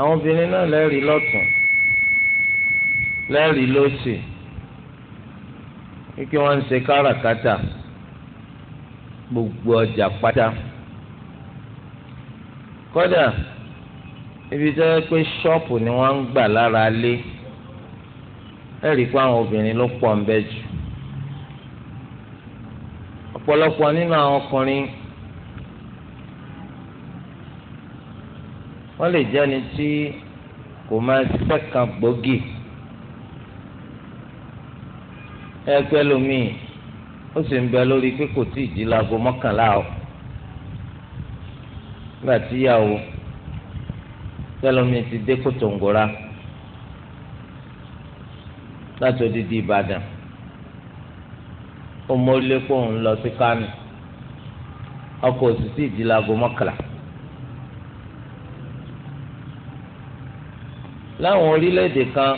àwọn obìnrin náà lẹ́rìí lọ́tún lẹ́rìí lọ́sì kí wọ́n ń ṣe káràkátà gbogbo ọjà pátá kódà ibi tó pé ṣọ́ọ̀pù ni wọ́n ń gbà lára lé ẹ̀rí pé àwọn obìnrin ló pọ̀ ń bẹ jù ọ̀pọ̀lọpọ̀ nínú àwọn ọkùnrin wọ́n lè jẹ́ ẹni tí kò máa ṣiṣẹ́ kan gbòógì ẹgbẹ́ lomi ó sì ń bẹ lórí pé kò tí ì di láago mọ́kànlá o nígbà tí ìyàwó tẹlomi ti dé kòtòǹgòrà láti odidi Ìbàdàn ó mórílé kó ń lọ sí Kánò ọkọ̀ òsì tí di láago mọ́kànlá. láwọn orílẹ̀-èdè kan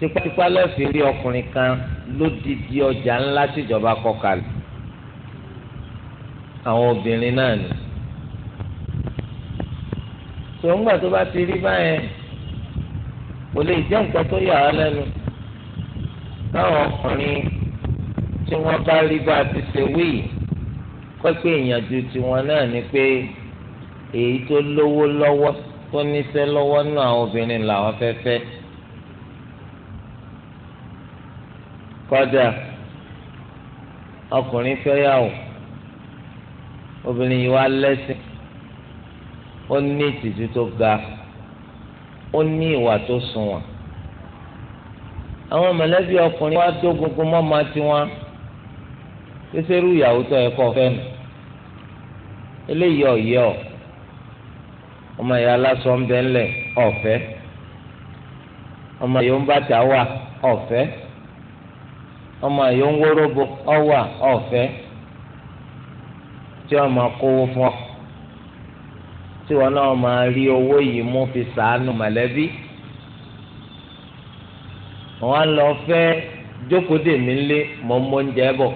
tipátipá lẹ́ẹ̀fì rí ọkùnrin kan lódìdí ọjà ńlá tìjọba kọ kalẹ̀ àwọn obìnrin náà ni tòǹgbà tó bá ti rí báyẹn kò lè jẹ́ nǹkan tó yà á lẹ́nu táwọn ọkùnrin tí wọ́n bá rí bá a ti ṣe wí pẹ́pẹ́ ìyànjú tiwọn náà ni pé èyí tó lówó lọ́wọ́. Lo tó níṣẹ́ lọ́wọ́ nínú àwọn obìnrin làwọn fẹ́ fẹ́ kọjá ọkùnrin fẹ́yàwó obìnrin yìí wá lẹ́sìn ó ní ìtìjú tó ga ó ní ìwà tó sunwọ̀n àwọn mọ̀lẹ́bí ọkùnrin wá tó gbogbo mọ́mọ́ tiwọn ṣíṣerú ìyàwó tó ẹ̀kọ́ fẹ́ nù eléyìí ọ̀yẹ́ ọ̀ ọmọ ìyá aláṣọ ń bẹ ńlẹ̀ ọ̀fẹ́ ọmọ ìyá ń bàtà wà ọ̀fẹ́ ọmọ ìyá ń wóróbo ọ̀wà ọ̀fẹ́ tí ọmọ kówó fún ọ tí wọn náà máa rí owó yìí mú fi sàánù mọ̀lẹ́bí wọn lọ fẹ́ jókòó dèmí ńlé mọ̀ ń mọ oúnjẹ bọ̀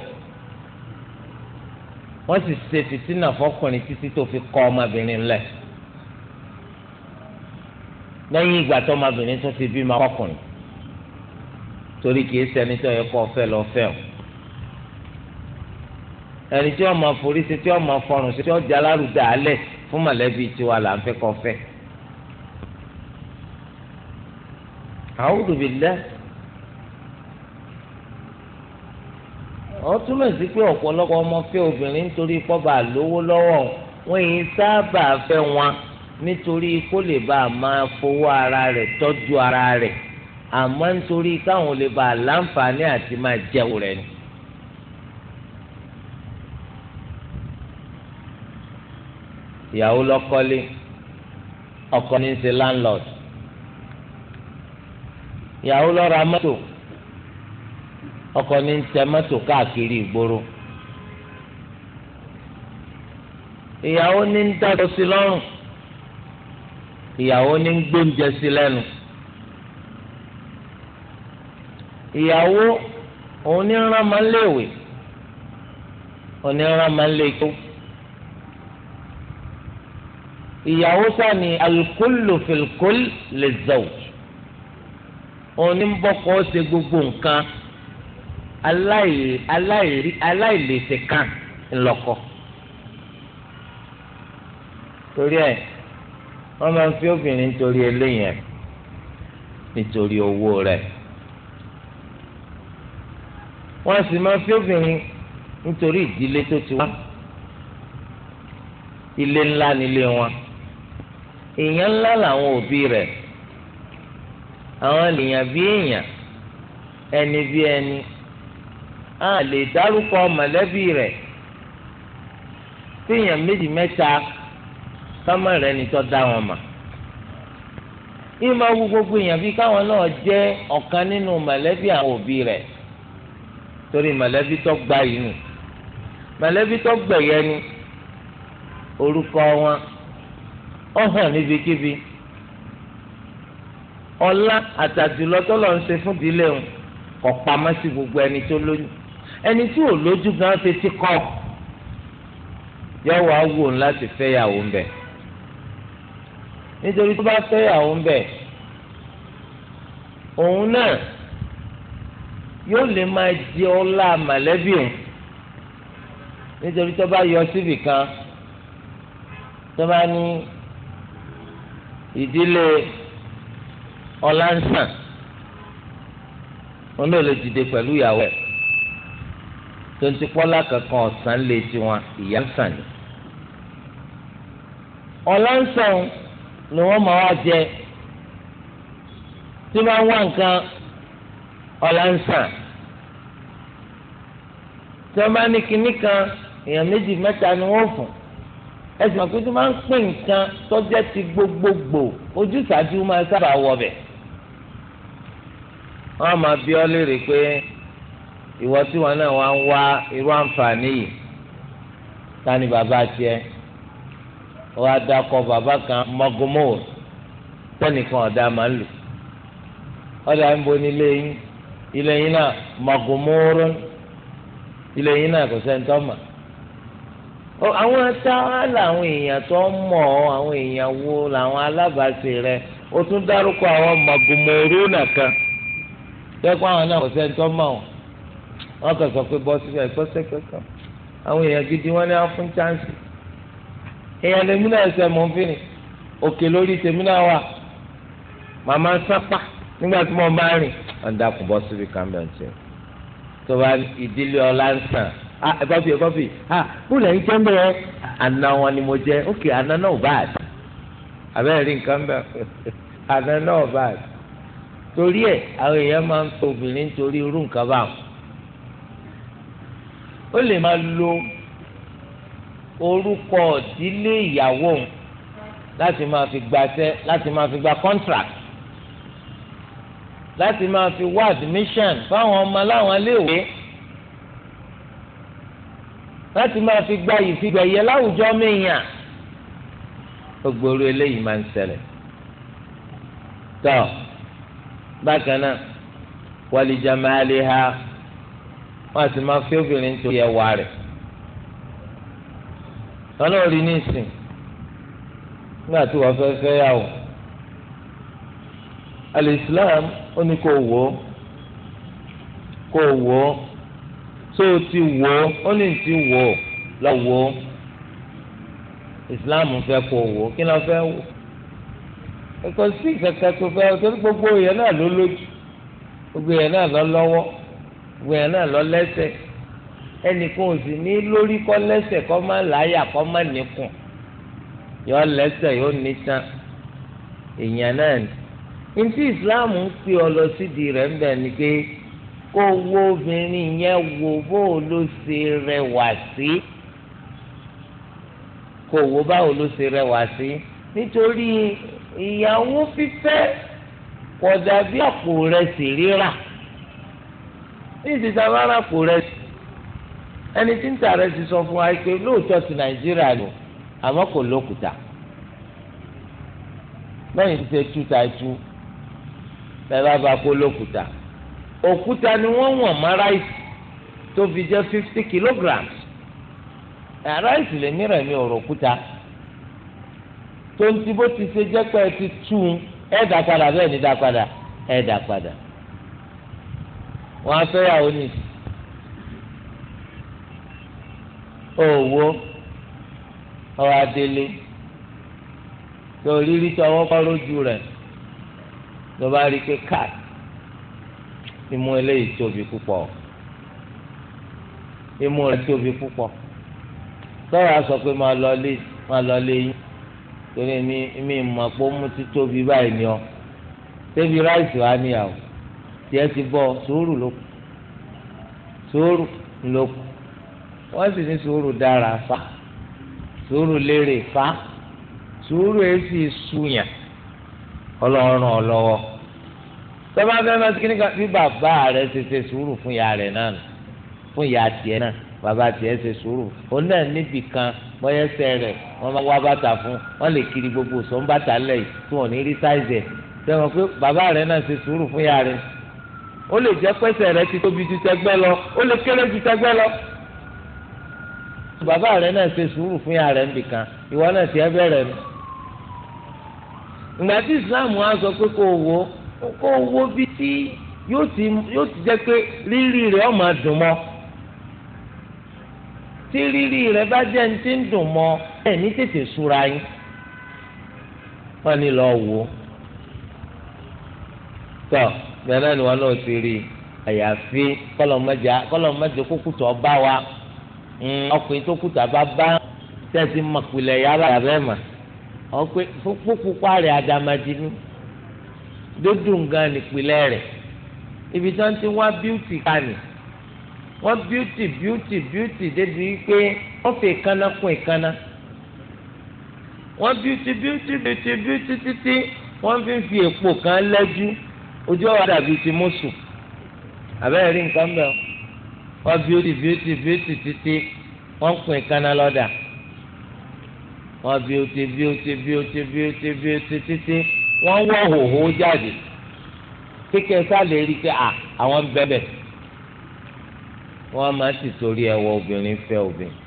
wọ́n sì ṣe fìtínà fọkùnrin títí tó fi kọ́ ọmọbìnrin lẹ̀ lẹ́yìn ìgbà tó ọmọbìnrin tún ti bímọ ọkùnrin torí kìí ṣẹni tó yẹ kó ọfẹ́ lọ fẹ́ o ẹni tí ọmọ forí sí tí ọmọ fọrùn sí tí ọjà alárùdà alẹ fún mọ̀lẹ́bí tiwa là ń fẹ́ kó fẹ́. A'udhu billah wọ́n túmọ̀ sí pé ọ̀pọ̀lọpọ̀ ọmọ fẹ́ obìnrin nítorí pọ́ba lówó lọ́wọ́ wọn yìí sábà fẹ́ wọn nítorí kó lè bá a máa fowó ara rẹ̀ tọ́jú ara rẹ̀ àmọ́ nítorí káwọn lè bá a láǹfààní àti máa jẹun rẹ̀ ni. ìyàwó lọ́kọ́lé ọkọ ní ṣe landlord ìyàwó ló ra mọ́tò ọkọ ní í tẹ mọ́tò káàkiri ìgboro ìyàwó ní í dàgbọ́ lọ́rùn ìyàwó ní ń gbóúnjẹ sí lẹ́nu ìyàwó òun ní rán máa ń léèwé òun ní rán máa ń lé ikú ìyàwó sani alukólo fìlkól lè zọ̀wọ̀ òun ní bọ́kọ̀ ṣe gbogbo nǹkan aláìlèsè kan ńlọkọ torí ẹ̀. wọ́n máa ń fi obìnrin nítorí eléyẹn nítorí owó rẹ wọ́n sì máa fi obìnrin nítorí ìdílé tó ti wá ilé ńlá nílé wọn èèyàn ńlá làwọn òbí rẹ àwọn lèèyàn bí èèyàn ẹni bí ẹni a lè dárúkọ mọ̀lẹ́bí rẹ̀ téèyàn méjì mẹ́ta. kámá rẹ ni tó dá wọn mà ìmọ̀ wú gbogbo èèyàn bíi káwọn náà jẹ́ ọ̀kan nínú mọ̀lẹ́bí àwọn òbí rẹ̀ torí mọ̀lẹ́bí gba yìí nù mọ̀lẹ́bí gbẹ̀yẹ ni orúkọ wọn ó hàn níbikíbi ọlá ń ṣe fún ìdílé wọn pamọ́ gbogbo ẹni tó lóyún ẹni tí ò lójú gan yọ wàá wò láti nítorí tó bá fẹ́yàwó ń bẹ̀ òun náà yóò lè máa jẹ ọlá mọ̀lẹ́bí òun nítorí tó bá yọ síbì kan tó bá ní ìdílé ọlánsàn wọn náà lè dìde pẹ̀lú ìyàwó ẹ̀ tó ń ti pọ́lá kankan ọ̀sán lè tiwọn ìyá ń sàn ni ọlánsàn ni wọ́n máa wá jẹ tí wọ́n wá nǹkan ọ̀la ń sàn tí wọ́n bá ní kinní kan èèyàn méjì mẹ́ta ni wọ́n fún ẹ̀sìn àpò tí wọ́n máa ń pè nǹkan tọ́jẹ́ ti gbogbogbò ojúṣàájú máa sábà wọ bẹ̀ wọ́n máa bi ọ́ léèrè pé ìwọ tí wọn náà wá ń wá irú àǹfààní yìí ta bàbá tiẹ̀ wọ́n á dakọ̀ bàbá kan mọ́gòmọ́ọ̀ tẹ́nìkan ọ̀dà máa ń lò ọ̀dà ń bo nílé yín ilé yín náà mọ́gòmọ́ọ̀rún ilé yín náà kò sẹ́ńtọ́ mà àwọn ala làwọn èèyàn tó mọ̀ ọ́ àwọn èèyàn wo làwọn alábàáṣe rẹ o tún dárúkọ àwọn mọ̀gòmọ́ọ̀rún nìkan tẹ́kọ̀ àwọn náà kò mà wọ́n kàn sọ pé bọ́ síbẹ̀ àwọn èèyàn gidi wọ́n ní fún chánsì èèyàn lèmi náà ṣe mọ̀ fi ni òkè lórí tèmi náà wà màmá ń sápá nígbà tí mo bá rìn ọ̀dà kò bọ́ síbi kàmbẹ̀ ọ̀tí tó bá ìdílé ọlá ń sàn ẹ kọfì ẹ kọfì ha bóòlù ẹ̀yin jẹ́ ń bẹ̀rẹ̀ àná wọn ni mo jẹ́ ókè àná náà ò bá àdì àbẹ́rẹ́ rí nǹkan bẹ́ẹ̀ àná náà bá àdì torí ẹ̀ àwọn èèyàn máa ń tó obìnrin torí irú nǹkan báwọn ó lè máa lo orúkọ ìdílé ìyàwó òun láti máa fi gbàṣẹ láti máa fi gba contract láti máa fi wá admission fáwọn ọmọ láwọn iléèwé láti máa fi gba ìfigbẹ̀yẹ láwùjọ mìíyàn gbogbo orí eléyìí máa ń ṣẹlẹ̀ tọ́ bákan náà wàlìjàmáàlì ha wọ́n á sì máa fi obìnrin tó yẹ wá rẹ̀ ọlọ́ọ̀rí ní ìsìn nígbà tí wọ́n fẹ́ fẹ́ yà wò alìsílám ó ní kó wò ó kó wò ó tó o ti wò ó ó ní ti wò ó lọ wò ó ìsìláàmù fẹ́ kó wò ó kí ló fẹ́ wò ẹ̀kọ́ sí ìkẹ́kẹ́ tó fẹ́ torí gbogbo yẹn náà ló lójú gbogbo yẹn náà lọ lọ́wọ́ gbogbo yẹn náà lọ lẹ́sẹ̀ẹ́ ẹnìkan ò sì ní lórí kọ́ lẹ́sẹ̀ kọ́ má láyà kọ́ má nìkùn yọ lẹ́sẹ̀ yóò ní tán èèyàn náà ni ntí islam ń pè ọ lọ sídìí rẹ̀ ń ni pé kó wo obìnrin yẹn wo bó o ló ṣe rẹwà sí kó wo báwo ló ṣe rẹwà sí nítorí ìyàwó fífẹ́ kò dàbí àpò rẹ̀ sì rírà ní ìsìtàbára àpò rẹ̀ sì ẹni tí ń tà rẹ ti sọ fún wa pé lóòótọ́ ti nàìjíríà lò àmọ́ kò lókùtà lẹ́yìn tí ṣe tú ta tú bẹ́ẹ̀ bá ba kó lókùtà òkúta ni wọ́n wọ̀n mọ́ ráìsì tó fi jẹ́ fifty kilograms ráìsì lè ní rẹ̀mí ọ̀rọ̀ òkúta tó bó ti ṣe jẹ́ pé ẹ ti tú un ẹ dà padà bẹ́ẹ̀ ni dà padà ẹ dà padà wọ́n á fẹ́ yàwó nìyí owó ọ̀rọ̀ adélé tó rírí tí ọwọ́ kọ́ lójú rẹ̀ ló bá rí pé káà imú eléyìí tóbi púpọ̀ imú rẹ̀ tóbi púpọ̀ sọ̀rọ̀ sọ pé máa lọ lé máa lọ lé yín torí mi mi mọ̀ pé ó mú títóbi báyìí ni ọ tẹ́bi ráìsì wá níyàwó tiẹ̀ ti bọ̀ sùúrù ló kù ló kù wọ́n sì ní sùúrù dára fa sùúrù lérè fa sùúrù èsì sùnyàn ọlọ́run ọlọ́wọ́ tọ́ba fẹ́ máa kí nìkan bí bàbá rẹ̀ ṣe ṣe sùúrù fún ìyá rẹ̀ náà fún ìyá tiẹ̀ náà bàbá tiẹ̀ ṣe sùúrù òun náà níbì kan bọ́yẹ́sẹ̀ rẹ̀ wọ́n máa wá bàtà fún wọ́n lè kiri gbogbo sọ́nbàtà lẹ́yìn tí wọ́n ní rí sáìzẹ̀ tẹ́wọ̀n pé bàbá rẹ̀ náà ṣe sùúrù fún ìyá rẹ̀ ó lè jẹ́ pẹ́sẹ̀ rẹ̀ ti tóbi ju tẹgbẹ́ lọ ó lè kéré ju tẹgbẹ́ lọ bàbá rẹ náà ṣe sùúrù fún yàrá rẹ nìkan ìwọ náà ti ẹ bẹ̀rẹ̀ nù. ìgbà tí islam wa sọ pé kò wo kò wo bí tí yóò ti jẹ́ pé rírì rẹ ó máa dùn mọ́ tí rírì rẹ bá jẹ́ ní ti ń dùn mọ́ ẹ̀ ní tètè súra yín wọ́n ní lọ wò ó tọ́ bẹ́ẹ̀ náà ni wọ́n náà ti rí àyàfi kọ́lọ̀ mẹ́jọ kọ́lọ̀ mẹ́jọ kókùtọ̀ bá wa. Hmm. ọkùnrin tó kùtà bá bá tẹ̀sí mọ̀pìlẹ̀ yàrá rẹ̀ mà ọkùnrin pupa rẹ̀ àdàmàdì ni dúdú nǹkan nìpìlẹ̀ rẹ̀ ibi tí wọ́n ti wá bíútì kàní wọ́n bíútì bíútì bíútì débi pé wọ́n fi ìkànnà kún ìkànnà wọ́n bíútì bíútì bíútì bíútì títí wọ́n fi ń fi èpò kan lẹ́jú ojú ọ̀rọ̀ dàbí ti mọ́sù àbẹ́rẹ́ rí nǹkan bẹ́ẹ̀ wọ́n bíótì bíótì bíótì títí wọ́n pín kaná lọ́dà wọ́n bíótì bíótì bíótì bíótì bíótì títí wọ́n wọ́ hòhò jáde kékeré sálẹ̀ rí pé à àwọn ń bẹ́bẹ̀ wọ́n máa ti torí ẹ̀wọ̀ obìnrin fẹ́ obìnrin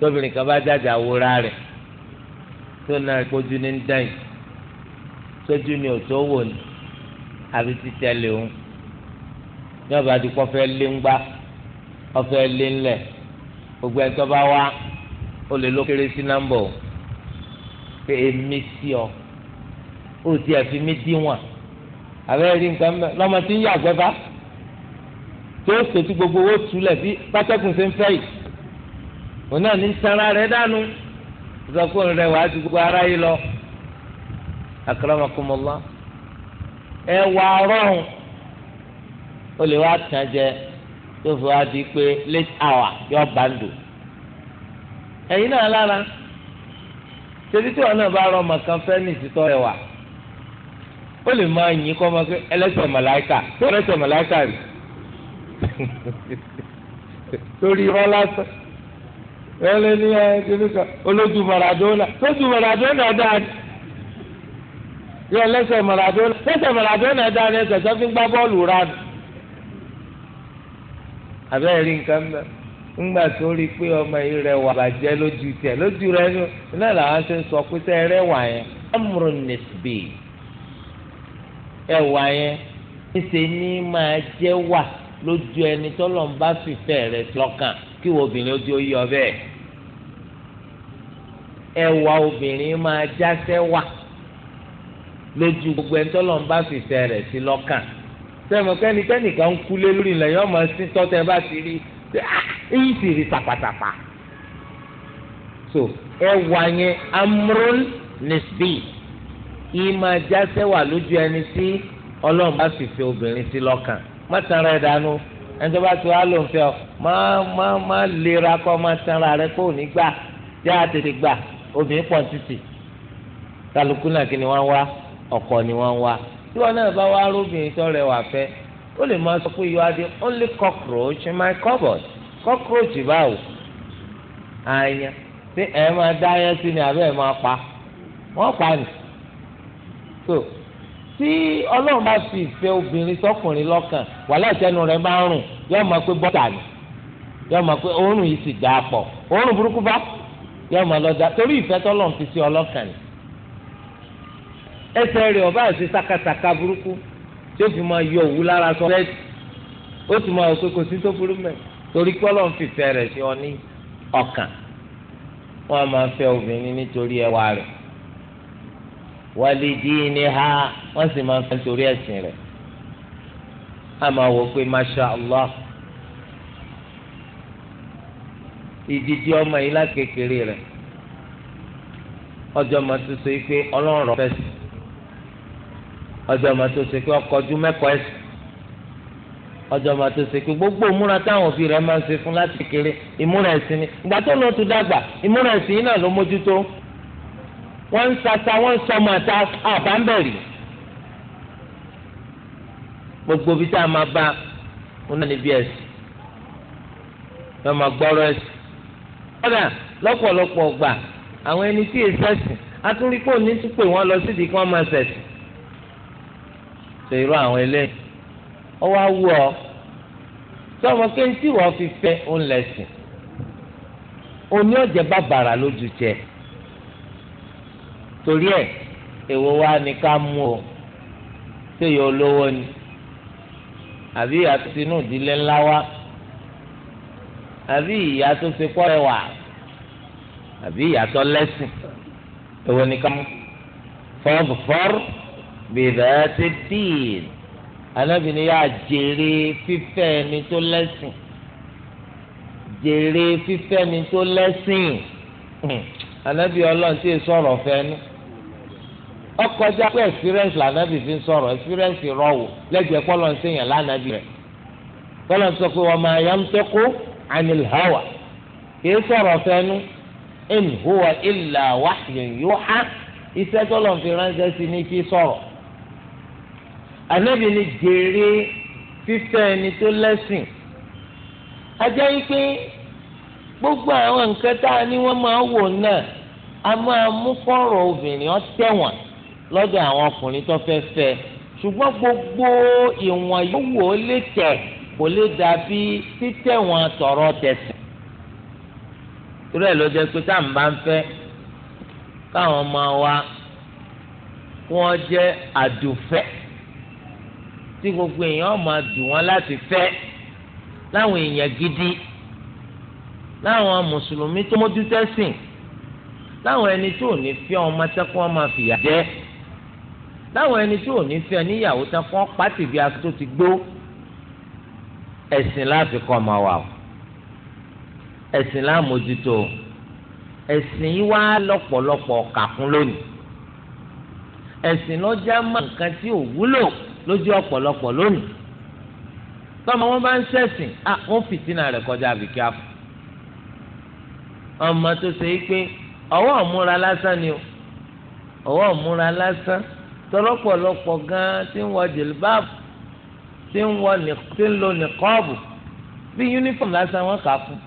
tóbìnrin kan bá jáde àwòrán rẹ̀ tó náà kójú ní dáìn sójú ni òtó wò ní àbí títẹ̀lé òun ní ọba àdìpọ̀ fẹ́ lé ń gbá ọfẹ lé ńlẹ gbogbo ẹni tó bá wá ó lè ló kéré sí nọmbà o pé èmi sí ọ ó ti ẹ̀fí mi díwọ̀n àbẹ́rẹ́ rí nǹkan mẹ́ lọ́mọ tí ń yà gbẹ́fà tó sòtú gbogbo owó túlẹ̀ bí pátákùn ṣe ń fẹ́ yìí òun náà ní sanra rẹ̀ dànù ìsọkúrò rẹ̀ wàá ju gbogbo ara yìí lọ akramakumullah ẹ wà rọrùn ó lè wá tàn jẹ. tó fi wá di late hour yọ bàndù ẹ̀yin náà lára ṣebí tí wọn náà bá rọ ọmọ kan fẹ́ ní ìsìtọ́ rẹ wà ó lè máa yìn kọ́ ọmọ pé ẹlẹ́sẹ̀ màláìkà tó ẹlẹ́sẹ̀ torí lásán lé ní kan olójú Maradona Maradona abẹ́rẹ́ rí nǹkan mẹ́ ńgbà tó rí pé ọmọ yìí rẹwà bàjẹ́ lójú tiẹ̀ lójú rẹ ní iná làwọn ṣe ń sọ pé sẹ́ rẹwà yẹn amúrò nìsbì ẹwà yẹn níṣẹ́ ní máa jẹ́ wà lójú ẹni tọ́lọ̀ ń bá fìfẹ́ rẹ lọ́kàn kí wo obìnrin ojú ó yọ bẹ́ẹ̀ ẹwà obìnrin máa jásẹ́ wà lójú gbogbo ẹni tọ́lọ̀ ń bá fìfẹ́ rẹ sí lọ́kàn sẹ́mi kẹ́ni kẹ́nìkan ń kulé lórí ilẹ̀ yọ ọmọ sí tọ́tẹ́ bá ti rí èyí ah, sì rí tàpàtàpà so ẹwà yẹn amrún nisbi ìmọ̀ jásẹ́ wà lójú ẹni tí ọlọ́run bá fìfẹ́ obìnrin sí lọ́kàn má tanra ẹ̀ dànù ẹni tó bá ti wá ló ń fẹ́ ọ má má má lera kọ́ má tanra rẹ kó ní gbà já tètè gbà obìnrin pọ̀ títì kálukú náà kí ni wọ́n wá ọkọ ni wọ́n wá tí wọn náà bá wá róbìnrin tó rẹwà fẹ́ ó lè máa sọ pé you are the only cockroach in my cupboard cockroach báwo àyàn tí ẹ máa dá yẹn sí ni àbẹ́ ẹ máa pa wọ́n pa ni so tí ọlọ́run bá fi ìfẹ́ obìnrin sọkùnrin lọ́kàn wàhálà ìtẹnu rẹ̀ máa ń rùn yóò máa pé bọ́tà ni yóò máa pé òórùn yìí sì dáa pọ̀ òórùn burúkú bá yóò máa lọ da torí ìfẹ́ tọ́lọ́run fi sí ọlọ́kàn ni ẹsẹ̀ rẹ̀ ọba àti sakasaka burúkú tí ó fi máa yọ òwú lára sọ bẹ́ẹ̀ ó sì máa òkè kò sí tó burú mẹ́ torí pé ọlọ́run fìfẹ́ rẹ̀ sí ọ ní ọkàn wọ́n á máa fẹ́ obìnrin nítorí ẹwà rẹ̀ walidiniha wọ́n sì máa fẹ́ nítorí ẹ̀sìn rẹ̀ á máa wọ pé masha allah ìdíjí ọmọ yìí lákékeré rẹ̀ ọjọ́ máa tún so yìí pé ọlọ́run rọ̀ fẹ́ sí i ọjọ́ ọmọ tó ṣe pé ọkọ̀jú mẹ́kọ̀ọ́ ẹ̀sìn ọjọ́ ọmọ tó ṣe pé gbogbo ìmúra táwọn òbí rẹ̀ máa ń ṣe fún láti kéré ìmúra ẹ̀sìn ni ìgbà tó lọ́ọ́ tún dàgbà ìmúra ẹ̀sìn yìí náà ló mójútó wọ́n ń sasa wọ́n ń sọmọ àta àbámbẹ̀rì gbogbo bí tá a máa bá wọn náà níbi ẹ̀sìn wọ́n máa gbọ́rọ̀ ẹ̀sìn kọ́dà lọ́pọ̀lọpọ̀ ọgbà àwọn ẹni tí ṣe irú àwọn eléyìí ó wá wú ọ tí ọmọ kéńtì wọ́n fi fẹ́ ó ń lẹ̀sìn oní ọ̀jẹ̀ bá bàrà lójú jẹ torí ẹ̀ èwo wa ni ká mú o ṣé yóò ni àbí ìyá tó tinú ìdílé ńlá wá àbí ìyá tó ṣe pọ́rẹ́ wà àbí ìyá tó lẹ́sìn èwo ni ká mú fọ́ọ̀bù fọ́ọ̀rù bìbẹ́ẹ́tì díìn anábìnrin yà jèrè fífẹ́ ẹni tó lẹ́sìn jèrè fífẹ́ ẹni tó lẹ́sìn anábì ọlọ́run tí ì sọ̀rọ̀ fẹ́nu ọkọjá pé experience lànàbì fi ń sọ̀rọ̀ experience rọ̀wò lẹ́gbẹ̀ẹ́ kọ́lọ́ ń sèyàn lànàbì rẹ̀ kọ́lọ́ ń sọ pé wọ́n máa yá ń tẹ́kọ́ anil hawa kìí sọ̀rọ̀ fẹ́nu in huwa illa wahyun yuha iṣẹ́ tọ́lọ̀ fi ránṣẹ́ sí ní kí sọ̀rọ̀. ànábì ni jere fífẹ́ ẹni tó lẹ́sìn ajá yìí pé gbogbo àwọn nǹkan tá a ní wọ́n máa wò náà a máa mú obìnrin ọ̀tẹ̀wọ̀n lọ́dọ̀ àwọn ọkùnrin tó gbogbo ìwọ̀n yóò wò ó lè kò lè dàbí títẹ̀wọ̀n tọ̀rọ̀ tẹ̀sìn. torí ẹ̀ ló jẹ́ pé tí gbogbo èèyàn máa dùn wọn láti fẹ́ láwọn èèyàn gidi láwọn mùsùlùmí tó mójú tẹ́sìn láwọn ẹni tí ò ní fẹ́ ọmọ tẹ́kọ́ ọmọ fìyà jẹ láwọn ẹni tí ò ní fẹ́ níyàwó tẹ́kọ́ pátì bí aṣọ tó ti gbó ẹ̀sìn láti kọ́ ọmọ wa o ẹ̀sìn láàmójútó ẹ̀sìn yìí wá lọ́pọ̀lọpọ̀ kàkún lónìí ẹ̀sìn lọ́jà máa nǹkan tí ò wúlò lójú ọ̀pọ̀lọpọ̀ lónìí tọ́mọ wọn bá ń ṣẹ̀sìn à wọ́n fìtínà rẹ̀ kọjá àbíkí àfọ ọmọ tó ṣe é pé ọwọ́ ọ̀múra lásán ni o ọwọ́ ọ̀múra lásán tọ́lọ́pọ̀lọpọ̀ gan ti ń wọ jìlbáàbù ti ń wọ ti ń lo nìkọ́ọ̀bù bí yúnífọ̀m lásán wọn kà fún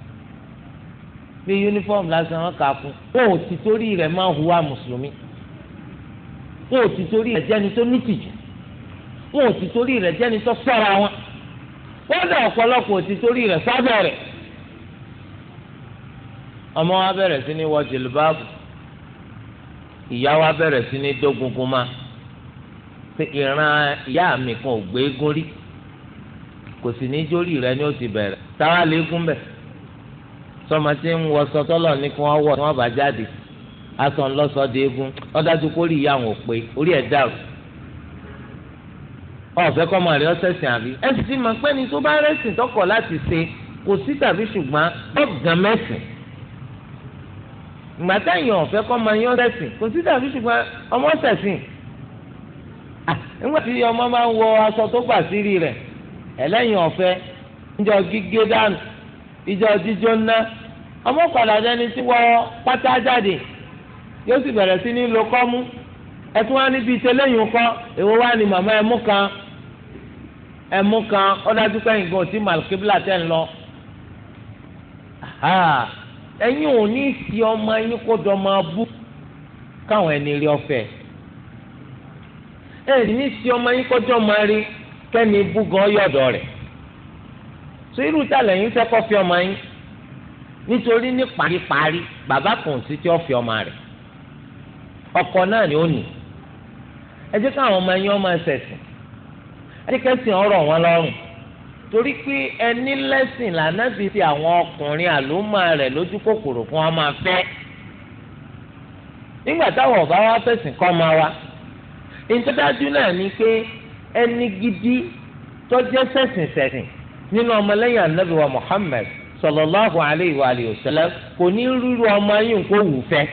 bí yúnífọ̀m lásán wọn kà fún wọn ò ti torí rẹ̀ máa hùwà mùsùlùmí wọn ò ti torí rẹ̀ jẹ́ni tó nítìjú wọn ò sì torí rẹ̀ jẹ́ni tó sọ́ra wọn wọ́n dà ọ̀pọ̀lọpọ̀ ò sì torí rẹ̀ sábẹ́ rẹ̀ ọmọ wa bẹ̀rẹ̀ sí ní wọ jìlbáàbù ìyá wa bẹ̀rẹ̀ sí ní dógungun ma pé ìran ìyá mi kan ò gbé eégún rí kò sì ní jórí rẹ̀ ni ó ti bẹ̀rẹ̀ táwa lè gún bẹ̀ sọma tí ń wọ sọtọ́lọ̀ ní kí wọ́n wọ̀ tí wọ́n bá jáde aṣọ ńlọ́sọ di eégún ọ̀dájú kórìí ìyá àwọn ò pé orí ẹ̀ dàrú ọ̀fẹ́ kọ́ máa rí ọ́sẹ̀sìn àbí ẹ sì máa pẹ́ ni tó bá rẹ́sìn tọkọ̀ láti ṣe kò sí tàbí ṣùgbọ́n ọ̀gàn mẹ́sìn ìgbà táyìn ọ̀fẹ́ kọ́ máa kò sí ọmọ nígbà tí ọmọ máa ń wọ aṣọ tó gbà rẹ̀ ẹlẹ́yìn ọ̀fẹ́ ìjọ gígé dànù ìjọ jíjó ná ọmọ dẹni tí pátá jáde yóò sì bẹ̀rẹ̀ sí ní lo kọ́mú ẹ̀tún wá níbi ẹ̀mú kan ọ̀dájú pẹ́yìn gan tí màlúkébílà tẹ̀ ń lọ. ẹ̀yin ò ní sí ọmọ ẹ̀yin kó dọ̀ máa bú káwọn ẹni rí ọ̀fẹ́. ẹ̀yin ní sí ọmọ ẹ̀yin kó dọ̀ máa rí kẹ́ni bú gan yọ̀dọ̀ rẹ̀. sọ irú ìtàlẹ̀ yín fẹ́ kọ́ fi ọmọ yín nítorí ní paríparí bàbá kan sí tí ó fi ọmọ rẹ̀ ọkọ náà ni ó nì ẹ jẹ́ káwọn ọmọ ẹ̀yin ọmọ ẹsẹ̀ sìn ẹnikẹ́sìn ọ̀rọ̀ wọn lọrùn torí pé ẹni lẹ́sìn lànàbí ti àwọn ọkùnrin àlùmọ́ rẹ̀ lójú kòkòrò fún wọn máa fẹ́ nígbà táwọn ọba wa fẹ̀sìn kọ máa wa náà ni pé ẹni gidi tó nínú Muhammad wa kò ní rírú ọmọ kó wù fẹ́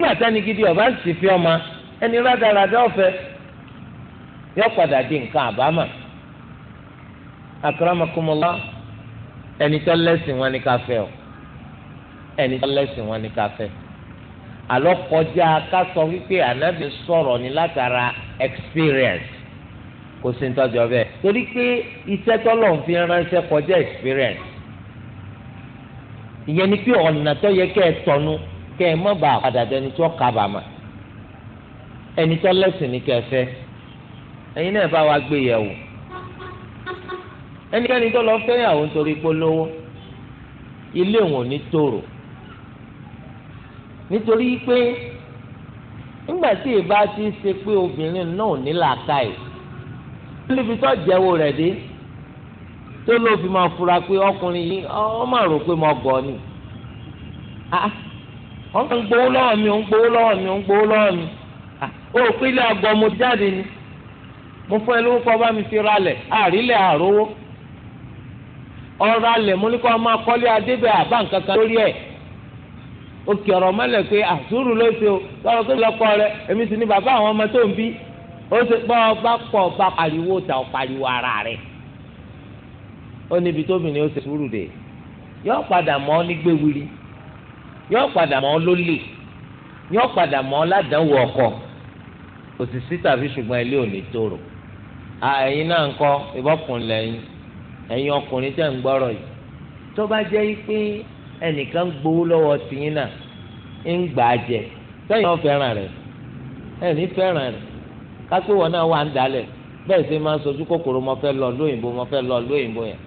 nígbà gidi ọba sì fi ọmọ ẹni rádaràdà yóò padà di nǹkan àbámà akramakumullah ẹni tó lẹ́sìn wọn ni ká ọ o ẹni tó lẹ́sìn wọn ni ká alọ àlọ́ kọjá sọ wípé ànábì sọ̀rọ̀ ni látara experience kò sí nítọ́jọ́ bẹ́ẹ̀ torí pé iṣẹ́ tọ́lọ̀ ń fi ránṣẹ́ kọjá experience ìyẹn ni pé ọ̀nà tó yẹ kẹ́ ẹ tọ́nu kẹ́ ẹ mọ́ bá àpàdà dẹni tó kábàámà lẹ́sìn ni kẹ́ ẹ fẹ́. ẹ̀yin náà bá wa gbé yẹ̀wò ẹnikẹ́ni tó lọ fẹ́yàwó nítorí polówó ilé wọn ò ní tòrò nítorí pé nígbà tí ìbá ti ṣe pé obìnrin náà ò ní làákàyè níbi tó jẹ́wọ́ rẹ̀ dé tó ló fi máa fura pé ọkùnrin yìí ọ máa rò pé mo gọ̀ ni ọ̀n ah, ń gbowó lọ́wọ́ mi ò ń gbowó lọ́wọ́ mi ò ń gbowó lọ́wọ́ mi ah, ò pínlẹ̀ ọgbọ́n mo jáde ni. mo fún ẹ lówó kọ́ bá mi fi ralẹ̀ àrílẹ̀ àrówó ọ̀rọ̀ alẹ̀ mo ní kọ́ máa kọ́lé adébẹ̀ àbá nǹkan kan lórí ẹ̀ o kì ọ̀rọ̀ mọ́lẹ̀ pé àsúrù ló ṣe o lọ́rọ̀ pé lọ́kọ rẹ èmi sì ni bàbá àwọn ọmọ tó ń bí ó ṣe pọ́ ọba pọ̀ ọba pariwo ta ọ pariwo ara rẹ̀ ó níbi tóbìnrin ó ṣe sùúrù dè yọ padà mọ́ ọ nígbèwìrì yọ padà mọ́ ọ lólè yọ padà mọ́ ọ ládàáwò ọkọ òsì sí tàbí ṣùgbọ́n ilé ò ní tòrò ẹ̀yin náà ń kọ́ ìbọ̀kùn lẹ́yìn ẹ̀yin ọkùnrin tẹ̀ ń gbọ́rọ̀ yìí tó bá jẹ́ pé ẹnìkan gbowó lọ́wọ́ tìyín náà ń gbà á jẹ sẹ́yìn ọ̀fẹ́ràn rẹ̀ ẹ̀yin fẹ́ràn rẹ̀ kápẹ́ wọn náà wà ń dalẹ̀ bẹ́ẹ̀ sì máa ń sojú kòkòrò mo fẹ́ lọ lóyìnbó mo fẹ́ lọ lóyìnbó yẹn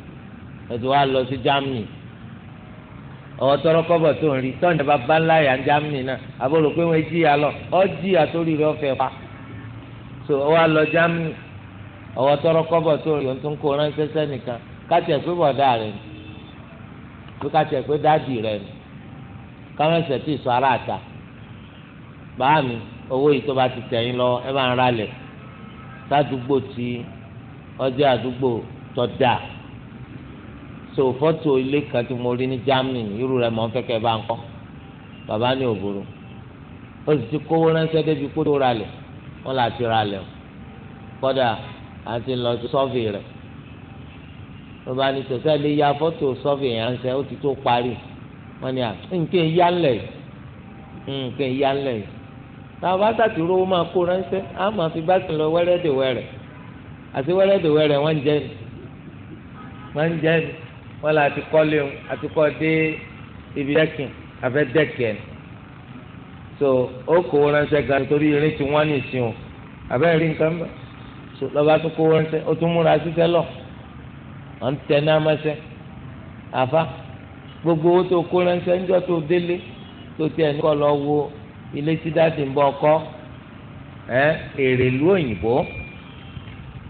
ètò wa lọ sí Germany ọwọ́ tọrọ kọ́bọ̀ tó ń rí tọ́ǹdà bàbá ńlá yà ń Germany náà àbúrò pé wọ́n jí ya lọ ọ́ jí àtórí rẹ̀ ọ̀fẹ́ pa so ọ wa lọ Germany ọwọ́ tọrọ kọ́bọ̀ tó yọ̀ tó ń kó ránṣẹ́ sẹ́nìkan káàtì ẹ̀pẹ́ bọ̀dá rẹ̀ ni tó káàtì ẹ̀pẹ́ dáàdì rẹ̀ ni kámẹ́sẹ̀ tí sọ ara àta bàá mi owó yìí tó bá ti tẹ̀yìn lọ ẹ bá ń ralẹ̀ sádùúgbò tí ọjọ́ àdúgbò tọ́ so fọ́tò ilé kan tí mo rí ní Germany irú rẹ̀ mọ̀ ń bá ń kọ́ bàbá ní òbúrò ó sì ti kówó ránṣẹ́ débi kó tó ralẹ̀ wọ́n là ti ralẹ̀ o àti lọ sọ́ọ̀fì rẹ̀ ló bá ní sọ̀sẹ́ lè ya fọ́tò sọ́ọ̀fì yẹn ń sẹ́ ó ti tó parí wọ́n ní à nǹkan ìyá ńlẹ̀ nǹkan ìyá ńlẹ̀ táwọn bá sàtì rówó máa kó ránṣẹ́ á máa fi bá sìn lọ wẹ́rẹ́dẹ̀wẹ́rẹ́ àti wẹ́rẹ́dẹ̀wẹ́rẹ́ wọ́n ń jẹ́ ni wọ́n ń jẹ́ ni wọ́n là ti kọ́ léwu àti kọ́ dé ibi dẹ́kìn afẹ́ dẹ́kìn so ó kó ránṣẹ́ gan torí irin tí wọ́n ní ìsìn o àbẹ́rẹ́ rí nǹkan bẹ́ẹ̀ lọ́ba tó kó wọn sẹ́ ó tún múra sísẹ́ lọ à ń tẹ náà mẹ́sẹ́ àfa gbogbo owó tó kó ránṣẹ́ ńjọ́ tó délé tó tiẹ̀ ní kọ́ lọ wo ilé tí dáàdì ń bọ̀ kọ́ ẹ èrè ìlú òyìnbó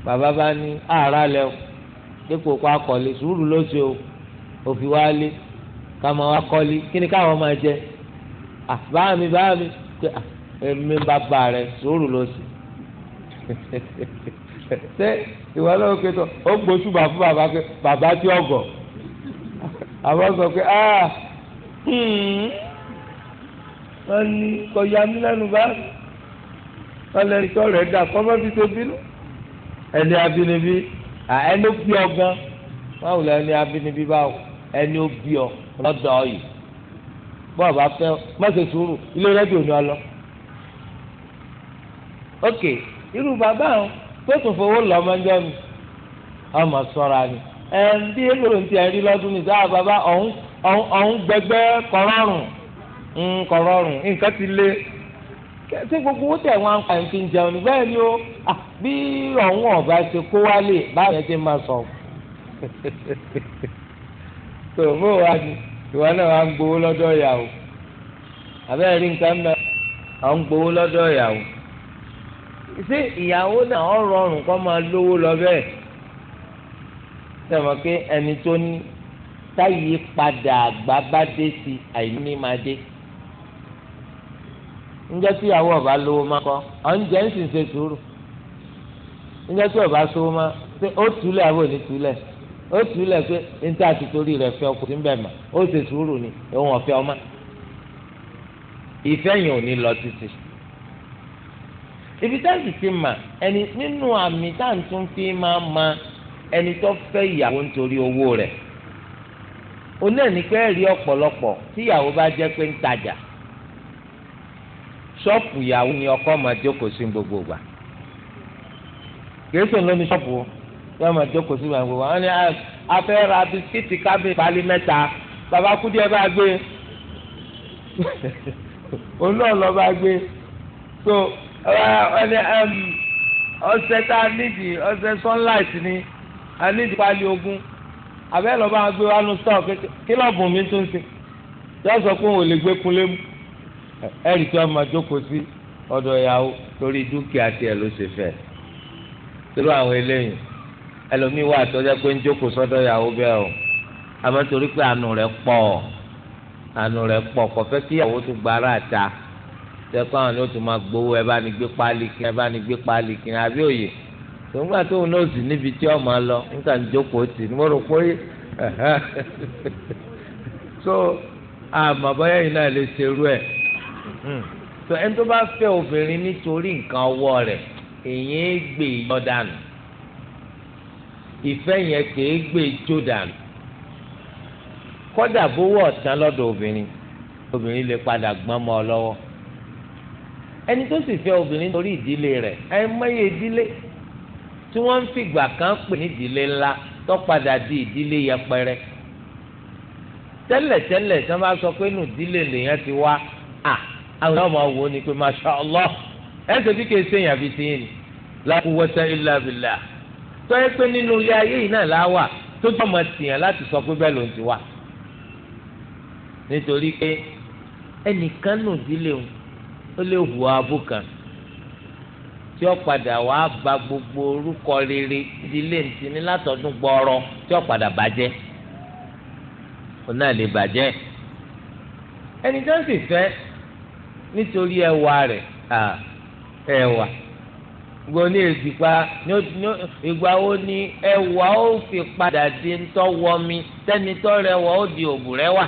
bàbá bá ní àárá lẹ o dípò kó akọ̀lé sùúrù ló ṣe o òfin wa lé ká máa wá kọ́lé kí ni káwọn máa jẹ báà mi báà mi pé rẹ sùúrù ló ṣe ṣé ìwà lọ́wọ́ pé tó ó gbósùbà fún bàbá pé bàbá tí ọ̀gọ̀ àbọ̀ sọ pé ah wọ́n ní kò yá mi lẹ́nu bá wọ́n lẹ́nu tó rẹ̀ dà kọ́ mọ́ fi tó bínú ẹni abínibí ẹni ó bí ọ gan wọ́n wùlọ ẹni abínibí báwo ẹni ó bí ọ lọ́dọ̀ ọ̀yì bọ́ọ̀ bá fẹ́ mọ́sẹ̀ sùúrù ilé rẹ́díò ni ọ lọ. ok irú bàbá àwọn tó tún fowó lọ ọmọdé mi ọmọ sọra ni ẹ bí ẹlòmíràn lọ́dún mi sáà bàbá ọ̀hún gbẹgbẹ́ kọ́rọ́rùn kọ́rọ́rùn nǹkan ti lé tí gbogbo owó tẹ̀ wọ́n á fi ń jẹun bẹ́ẹ̀ ni ó ah, bí ọ̀hún ọ̀bá ṣe kó wálé báyìí ẹ ti máa sọ. tó o fún wa ni ìwọ náà wàá ń gbowó lọ́dọ̀ ìyàwó àbẹ́rẹ́ rí nǹkan náà wàá ń gbowó lọ́dọ̀ ìyàwó ṣé ìyàwó náà ọ rọrùn kó máa lówó lọ bẹ́ẹ̀ sẹ́wọ̀n pé ẹni tó ní táyì padà àgbà bá dé sí àìní máa dé ńjẹ́ tí ìyàwó ọba lówó máa kọ́ oúnjẹ ń sì ń ṣe sùúrù ńjẹ́ tí ọba sówó máa ṣe ó túlẹ̀ àbò ní túlẹ̀ ó túlẹ̀ pé níta àti torí rẹ̀ fẹ́ ọkùnrin níbẹ̀ mà ó ṣe sùúrù ni òun ọ̀fẹ́ ọmọ ìfẹ́ yìí ò ní lọ títì ibi táǹtì ti mà ẹni nínú àmì táǹtì fi máa ma ẹni tó fẹ́ ìyàwó nítorí owó rẹ̀ òun náà ní pé rí ọ̀pọ̀lọpọ̀ tí ìyàwó bá jẹ́ pé ń tajà ṣọ́ọ̀pù ìyàwó ni ọkọ máa jókòó sí gbogbo gbà kìí sòun ló ní ṣọ́ọ̀pù tí wọ́n máa jókòó sí gbogbo gbà wọ́n ní afẹ́ ah, ra bisikíìtì kábíyì pálí mẹ́ta bàbá kúdí ẹ bá gbé òun náà bá gbé so Ọ tá a nídìí ọṣẹ sunlight ni a ogun abẹ́ lọ́ba àwọn gbé stọọ kílọ̀bù mi tó ń yọ sọ pé òun ò lè gbé kunlé mu tí máa jókòó sí ọdọ ìyàwó torí dúkìá tiẹ̀ ló ṣe àwọn eléyìí ẹlòmíín wà pé ń jókòó ìyàwó o torí pé ta. tẹ́kọ̀ àwọn yóò tún máa gbowó ẹ bá ní gbé páálí kiri ẹ bá ní gbé páálí kiri àbí òye tòǹgbà tóun náà sì níbi tí ọmọ lọ níta ń jókòó tì ní mo pé so àmọ́ bóyá yìí náà lè ṣerú ẹ̀ hmm. so ẹni tó bá fẹ́ obìnrin nítorí nǹkan ọwọ́ rẹ̀ èyí ń gbè yọ dànù ìfẹ́ yẹn kìí dànù kọ́dà bówó ọ̀tán lọ́dọ̀ obìnrin obìnrin lè padà gbọ́n mọ́ ọ lọ́wọ́. ẹni tó sì fẹ́ obìnrin torí ìdílé rẹ̀ ẹ mọye ìdílé tí wọ́n ń fìgbà kan pè ní ìdílé ńlá tó padà di ìdílé yẹpẹrẹ tẹ́lẹ̀tẹ́lẹ̀ tí wọ́n bá sọ pé nù ìdílé lèèyàn ti wá à àwọn ọmọ wo ni pé masha allah ẹsẹ̀ bí kèé sèyàn fi ti yín la quwwata illa billah tó yẹ pé nínú ilé ayé yìí náà láwà tó tó ọmọ tìyàn láti sọ pé bẹ́ẹ̀ ló ń ti wá nítorí pé ẹnìkan nù ìdílé òun ó lè hu abú kan tí ó padà wàá ba gbogbo orúkọ rere ìdílé ntìní látọdún gbọọrọ tí ó padà bàjẹ́ ó náà lè bàjẹ́ ẹni tó ń sì fẹ́ nítorí ẹwà rẹ̀ ẹwà gbogbo ní ìgbìpa ìgbà wo ni ẹwà ó fi padà di ńtọ́ wọmi tẹ́nitọ́ rẹwà ó di òbù rẹwà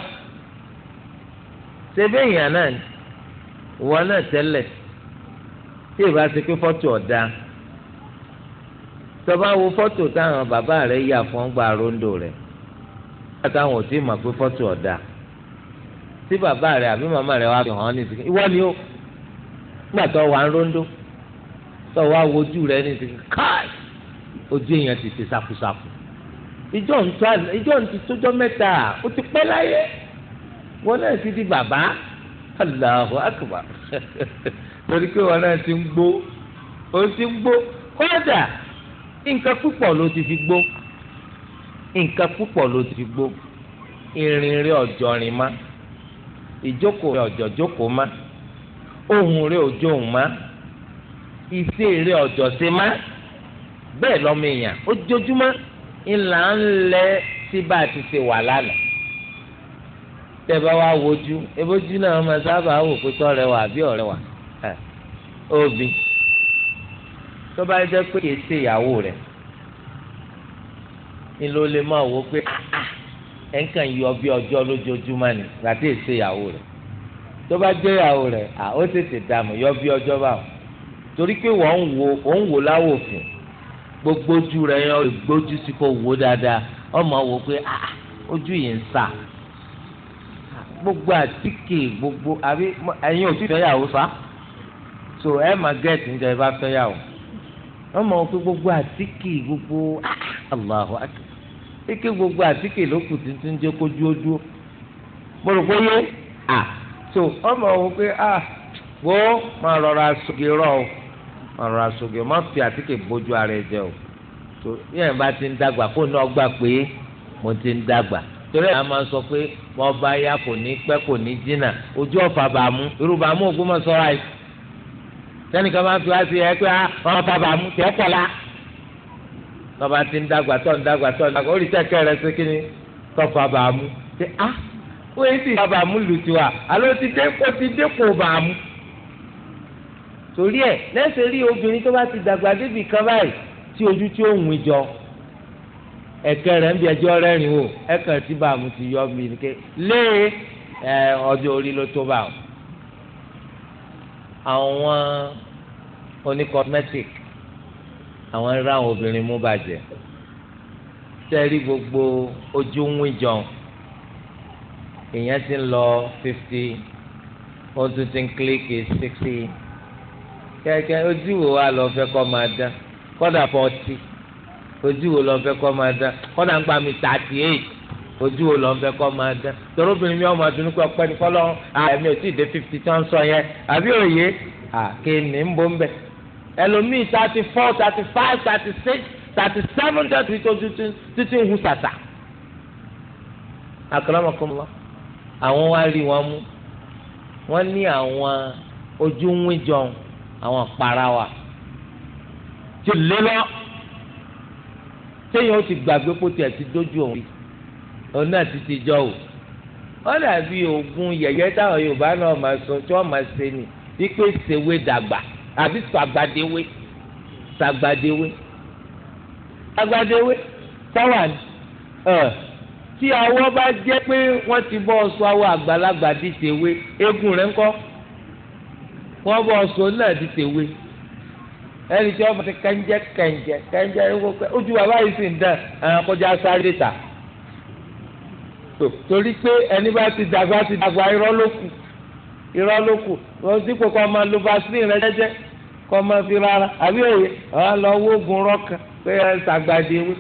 ṣe bẹ́ẹ̀ yàn náà ni ìwọ náà tẹ́lẹ̀ tí ìbá ti pé fọ́tò ọ̀dà tọba wo fọ́tò táwọn bàbá rẹ̀ yà fún gba rondo rẹ̀ nígbà táwọn ò tí ì mọ̀ pé fọ́tò ọ̀dà tí bàbá rẹ̀ àbí màmá rẹ̀ wá fi hàn ní ìsìnkú ìwọ ni ó nígbà tó wà ń rondo tó wà wojú rẹ̀ ní ìsìnkú káì ojú èèyàn ti ṣe sáfùsáfù ìjọ ń tó ìjọ ń ti tójọ́ mẹ́ta ó ti pẹ́ láyé wọn náà ti di bàbá. Allahu akbar torí pé wọn náà ti ń gbó ó ti ń gbó kódà nǹkan púpọ̀ ló ti fi gbó nǹkan púpọ̀ ló ti fi gbó ìrìn rẹ ọ̀jọ̀ rìn má ìjókòó rẹ ọ̀jọ̀ jókòó má ohùn rẹ òjò òun má ìṣe rẹ ọ̀jọ̀ ṣe má bẹ́ẹ̀ lọ́mọ èèyàn ojoojúmọ́ ńlá ńlẹ́ tí ti ṣe wà lánàá tẹ́ bá wá wojú ebójú náà máa sábà wò pé tọrẹ wà àbí ọrẹ wà obì tó bá jẹ́ pé kìí ṣe ìyàwó rẹ̀ ni ló lè máa wò pé ah, ah, ẹ ń kàn yọ bí ọjọ́ lójoojúmọ́ ni gbàtí èsè ìyàwó rẹ̀ tó bá yọ bí ọjọ́ báwọn torí pé wọ́n ń wo ó ń wò gbogbo ojú sí wò dáadáa wò pé ah, gbogbo àtíkè gbogbo àbí ẹ̀yin ò ti fẹ́ yàwó fa so ẹ mà gẹ́ẹ̀tì níjà ẹ bá fẹ́ yàwó wọ́n mọ̀ pé gbogbo àtíkè gbogbo ah, Allahu akbar ike gbogbo àtíkè ló kù tuntun jẹ́ kó dúró dúró mo rò so wọ́n mọ̀ wọ́n pé à ah, wo máa rọra sọ̀gì rọ̀ o máa rọra sọ̀gì o má fi àtíkè bójú ara ẹ jẹ o so yẹ́n bá ti ń dàgbà kó ní ọgbà pé mo ti ń dàgbà torí ẹ̀ máa sọ pé ọba ya kò ní pẹ́ kò ní jìnnà ojú ọ̀fà bàmú irú bàmú ògùn mọ̀ sọ́ra yìí sẹ́nìkan máa fi wá sí ẹ pé ah, ọ̀fà bàmú tẹ́ pọ̀ la tọ́ba ti ń dàgbà tọ́ ń dàgbà tọ́ ń dàgbà ó rí sẹ́kẹ́ rẹ sí kí ni tọ́fà bàmú ṣe á ah, wọ́n yìí sì fà bàmú lù tiwa àló ti dé kó ti dé kó bàmú torí ẹ̀ lẹ́sẹ̀ rí obìnrin tó bá ti dàgbà débì kan báyìí tí ojú tí ó ń wí jọ ẹ̀kẹ́ rẹ̀ ń bí ẹjọ́ rẹ́rìn wò ẹ̀kẹ́ tí bàmù ti yọ mí ni ké lé ọjọ́ orí ló tó bá o. àwọn oní cosmetic àwọn ń ra àwọn obìnrin mú bàjẹ́ sẹ́rí gbogbo ojú ń wí jọ èèyàn ti ń lọ fifty ó tún ti ń kílíkì sixty kẹ̀kẹ́ ojú wo wa lọ fẹ́ kọ́ máa dán kọ́dà forty ojú wo lọ́n fẹ́ kọ́ máa dán kọ́nà ń gbà mí thirty eight ojú wo lọ́n fẹ́ kọ́ máa dán torobìnrin mi ọmọ àdúnú pé ọpẹ́ ní kọ́lọ́ àmì ò tí ì dé fifty tí wọ́n sọ yẹn àbí òye kéènì ń bọ́ ń bẹ̀ ẹlòmíì thirty four thirty five thirty six thirty seven thirty tó títí ń hu sàtà. àkàràmọ̀kọ́mọ́ àwọn wá rí wọn mú wọ́n ní àwọn ojú ń wíjọ àwọn para wa tí lé lọ́ọ́ téèyàn ó ti gbàgbé kó tiẹ̀ ti dójú òun rí òun náà ti ti jọ o wọ́n dàbí oògùn yẹ̀yẹ́ táwọn Yorùbá náà máa sọ tí wọ́n máa ṣe ni wípé ṣèwé dàgbà àbí sàgbàdéwé sàgbàdéwé sàgbàdéwé táwa ni tí awọ bá jẹ́ pé wọ́n ti bọ́ ọsọ awọ àgbàlagbà di tèwe eégún rẹ̀ ńkọ́ wọ́n bọ́ ọsọ náà di tèwe ẹni tí wọn ti kẹńjẹ kẹńjẹ kẹńjẹ ojú wa báyìí sì ń dán ẹn kọjá sáré ta torí pé ẹni ti dàgbà ti dàgbà irọ́ ló kù irọ́ ló kù wọn kọ́ lo vaseline rẹ kọ́ fi rárá àbí òye ọ̀hà lọ wó oògùn rọ́ọ̀kan pé ẹ ṣàgbàdì ewé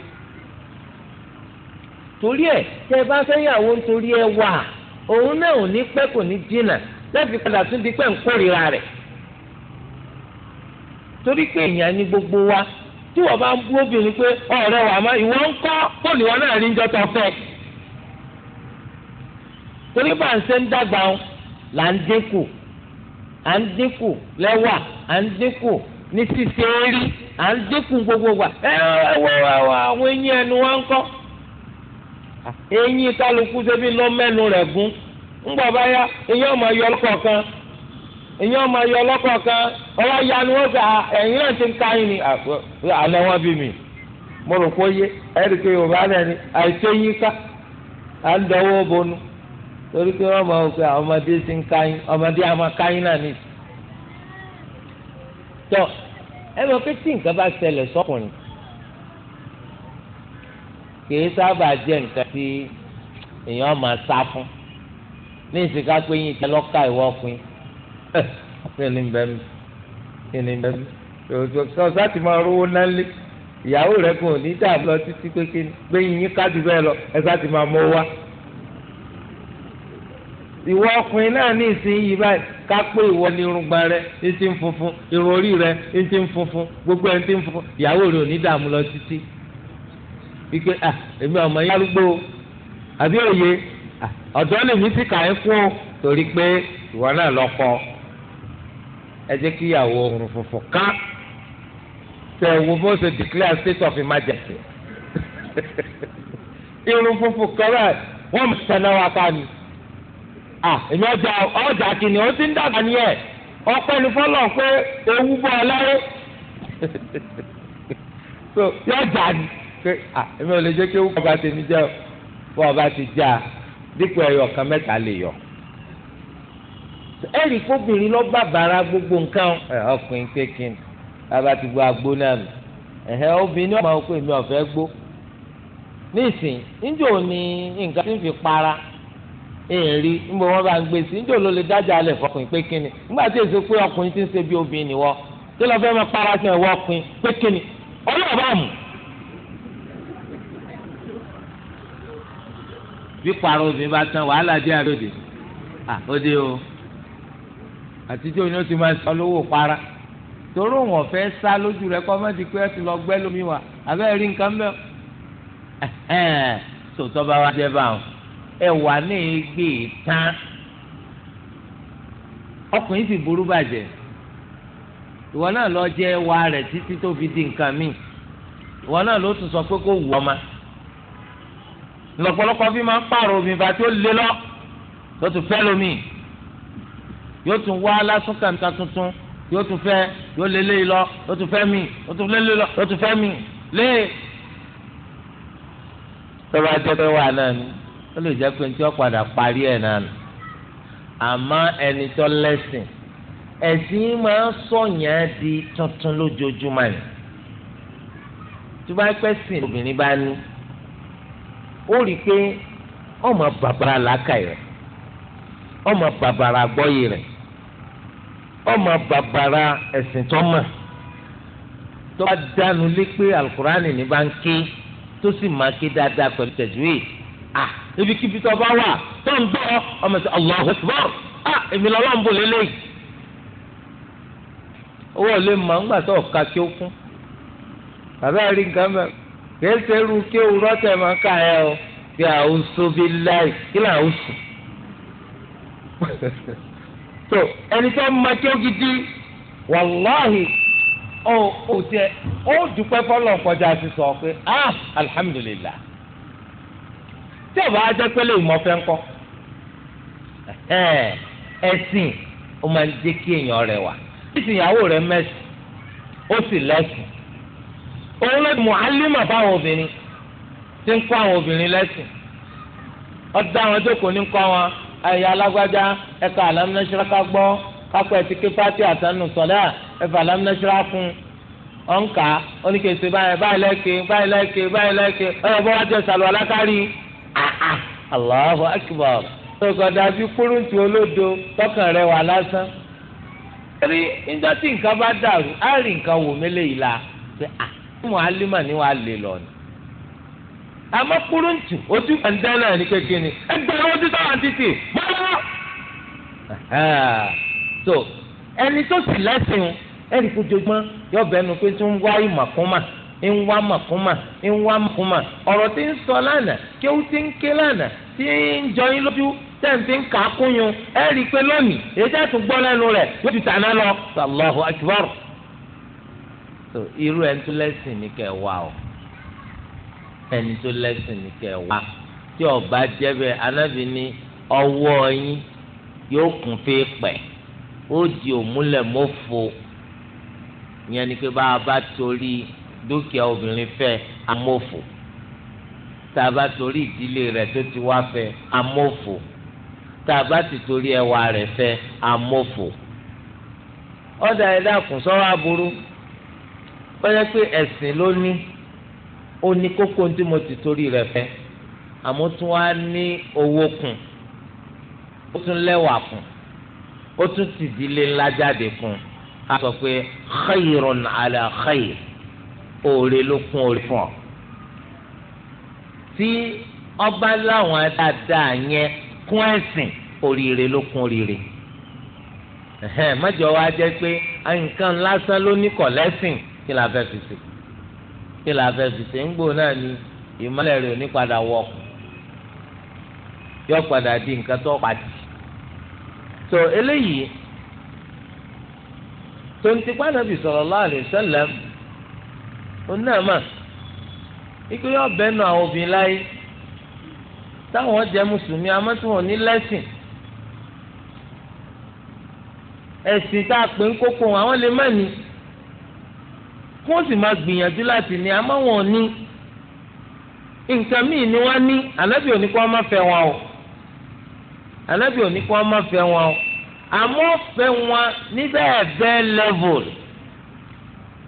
torí ẹ tẹ bá fẹ́ nítorí ẹ wà torí pé èèyàn ní gbogbo wa tí wọ́n bá ń bú obìnrin pé ọ̀rẹ́ wa máa ìwọ ń kọ́ kó nìwọ náà rí njọ́ tó fẹ́. torí bá ń ṣe ń dàgbà ń là ń dínkù à ń dínkù lẹ́wà à ń dínkù ní ṣíṣe rí à ń dínkù gbogbo wa ẹ ẹ wọ àwọn eyín ẹnu wa ń kọ́. eyín kálukú ṣe bí lọ́ mẹ́nu rẹ̀ gún ńgbà bá yá eyín ọmọ yọ ọkọ̀ kan ìyẹn ọmọ ayọ kan ya ni gbà náà ti ń ka yín ni ah, àná wọn bí mi mo rò kó yé pé yorùbá náà ni àìsí yín ká à ń torí pé ọmọdé ti ń ka yín ọmọdé á máa yín náà ni. tọ ẹ lọ pé tí nǹkan bá ṣẹlẹ̀ sọkùnrin kìí sábà nǹkan tí èèyàn máa sá fún ní ìsìnká kí ni bẹ́ẹ̀ mi kí ni bẹ́ẹ̀ mi sọ̀sá ti máa rówó nálé ìyàwó rẹ kò ní dà lọ títí pé kí ni pé yín kájú bẹ́ẹ̀ lọ ẹ̀sá ti máa mọ wá. ìwọ ọkùnrin náà ní ìsinyìí báyìí ká pé ìwọ ni irungba rẹ ní ti ń funfun irun orí rẹ ní ti ń funfun gbogbo ẹ̀ ní ti ń funfun ìyàwó rẹ ò ní dààmú lọ títí. ike à èmi ọmọ yín arúgbó àbí òye ọ̀dọ́ lèmi sì kà ń fún ọ torí pé ìwọ náà lọ kọ́ ọ ẹ jẹ́ kí ìyàwó òrùn funfun ká tẹ wo bó ṣe declare state of emergency irun funfun kan bẹ́ẹ̀ wọ́n mú wa ká ni èmi ọjà ọjà kìíní ó ti ń dàgbà ní ẹ̀ ọpẹ́ ni fọlọ́ pé ewu bọ́ ọ láyé so yọjà ni pé èmi ò lè jẹ́ kí ewu kọ́ bá tèmi jẹ́ bọ́ ọ bá ti já dípò ẹ̀yọ̀ kan mẹ́ta lè yọ ẹnì kóbìnrin lọ bá bàrà gbogbo nǹkan ọkùnrin kékin bàbá ti gbọ́ agbó náà mi ẹ̀hẹ́ obìnrin ọmọ ọkọ èmi ọ̀fẹ́ gbó nísìn níjò ní nǹkan tí ń fi para èèrí níbo wọn bá ń gbé sí níjò ló lè dájà alẹ fọkùnrin pékin ni nígbà tí èso pé ọkùnrin ti ń ṣe bí obìnrin ni wọ tí lọ fẹ́ máa para sí ẹ̀wọ́ ọkùnrin pékin ni ọlọ́ọ̀ bá mú. bí para obìnrin bá tán wàhálà dé àròdì à ó dé o àtijọ́ ni ó ti máa sọ lówó para torí òun ọ̀fẹ́ sá lójú rẹ kọ́ mọ́tì pé ẹ ti lọ gbẹ́ lómi wá abẹ́ rí nǹkan mẹ́ sòtọ́ bá wá jẹ́ báwọn ẹ wà ní gbé tán ọkùnrin sì burú bàjẹ́ ìwọ náà lọ jẹ wa rẹ̀ títí tó fi di nǹkan mi ìwọ náà ló tún sọ pé kó wù ọma lọ́pọ̀lọpọ̀ fi máa ń pààrọ̀ omi bá tí ó lé lọ tó tún fẹ́ lómi yóò tún wá lásán kàńtà tuntun yóò tún fẹ́ yóò lé lé lọ yóò tún fẹ́ mi yóò tún lé lé lọ yóò tún fẹ́ mi lé. tọ́ba jẹ́pẹ́ wà náà ni ó lè jẹ́ pé ní tí wọ́n padà parí ẹ̀ náà nù àmọ́ ẹni tó lẹ́sìn ẹ̀sìn máa ń sọ̀yàn di tuntun lójoojúmọ́ ni tó bá pẹ́ sìn obìnrin bá ní ó rí i pé ọmọ bàbàrà làákàyè ọmọ bàbàrà àgbọ́yé rẹ̀ ọmọ bàbàrà ẹ̀sìn tó mọ̀ tó bá dánu lé pé alukurani ní bá ń ké tó sì máa ké dáadáa pẹ̀lú tẹ̀síwì à ah, ibikíbi tó bá wà tó ń dọ́ ọmọ ẹ̀sìn Allahu Akbar à ah, èmi lọ́wọ́ ń bò lélẹ̀ owó ọ̀lẹ́ mọ̀ ń gbà tó ọ̀ka kí ó kún bàbá rí nǹkan mẹ́ kìí ṣe kí òwúrọ̀ tẹ̀ máa ká ẹ o bí àwọn sóbi láì kí làwọn sùn. tó ẹni tó ma tí ó gidi wàláhì ó ó tiẹ̀ ó dúpẹ́ fọlọ́ kọjá sí sọ pé ah alihamudulilayi tí o bá jẹ́ pé lè mọ fẹ́ ńkọ́ ẹ̀sìn ó máa ń jẹ́ kí èèyàn rẹwà ìsìn ìyàwó rẹ̀ mẹ́sìn ó sì lẹ́sìn òun lè mú báwọn obìnrin tí ń kọ́ àwọn obìnrin lẹ́sìn ọ̀dọ́ àwọn jókòó ní kọ́ wọn ẹ̀yà alágbájá ẹ̀ka alámúnáṣírá ká gbọ́ kápẹ́ ti ké pátí àtànù sọ̀dá ẹ̀fà alámúnáṣírá fún ọ̀nkà oníkèsè báyìí báyìí lẹ́kẹ̀ báyìí lẹ́kẹ̀ báyìí lẹ́kẹ̀ ẹ̀yà bọ́ wájú ẹ̀sàlù alákárí Allahu akbar ọ̀gọ̀dà bíi kúrúǹtì olódo tọkàn rẹ wà lásán rí ìjọ tí nǹkan bá dàrú á rí nǹkan wò mélé la ṣe à alímọ̀ ni wàá lè lọ àmọ́ kúrúǹtù ojú kàńtà náà ní kékeré ni ẹgbẹ̀rún ojú sáwọn títì mọ́lá. so ẹni tó sì lẹ́sìn ẹni kó jogún yọ bẹnu pé tó ń wá ìmọ̀kúnmà ń wá mọ̀kúnmà ń wá mọ̀kúnmà ọ̀rọ̀ tí ń sọ lánàá kí ó ti ń ké lánàá tí ń jọ yín lójú tẹ̀sí ń kà á kúnyun ẹ rí i pé lónìí èyí tẹ́ tún gbọ́ lẹ́nu rẹ̀ yóò ti tàná lọ. Allahu akbar. so irú ẹ̀ ń tún lẹ́sìn ní kẹ́ o ẹni tó lẹ́sìn ní kẹ́ wá tí ọba jẹ́bẹ̀ anábì ní ọwọ́ yín yóò kún fi pẹ̀ ó di òmúlẹ̀ mọ́fo ìyẹn ni pé bá a bá torí dúkìá obìnrin fẹ́ amófo tá a bá torí ìdílé rẹ̀ tó ti wá fẹ́ amófo tá a bá ti torí ẹwà rẹ̀ fẹ́ amófo ọ̀dà ẹ̀dá kùn sọ́wọ́ aburú ó yẹ pé ẹ̀sìn ló ní ó ní kókó tí mo ti torí rẹ̀ fẹ́ àmọ́ tún wá ní owó kùn ó tún lẹ́wà kùn ó tún ti dílé ńlá jáde kùn a sọ pé khayrun ala khayr òòrè ló kún òòrè fún ọ. tí ọba láwọn dáadáa yẹn kún ẹ̀sìn oríire ló kún oríire mọ́jọ wa jẹ́ pé nǹkan lásán ló ní kọ̀lẹ́sìn kí la fẹ́ fi ṣe. kí la fẹ́ fi ṣe ń gbò náà ni ìmọ̀lẹ̀ rẹ̀ di nǹkan tó so tó eléyìí tó ń tipa nàbì sallallahu alaihi wasallam ó náà mà ikú yọ bẹ́ẹ̀ nù àwọn obìnrin láyé táwọn jẹ́ mùsùlùmí àmọ́ tí lẹ́sìn ẹ̀sìn tá a pè ń kókó àwọn lè má kó sì máa gbìyànjú láti ní àmọ́ wọn ò ní nǹkan míì ni wọ́n ní ànábì ò kó wọ́n má fẹ́ wọn o ànábì ò kó wọ́n má fẹ́ wọn o àmọ́ fẹ́ wọn ní bẹ́ẹ̀ level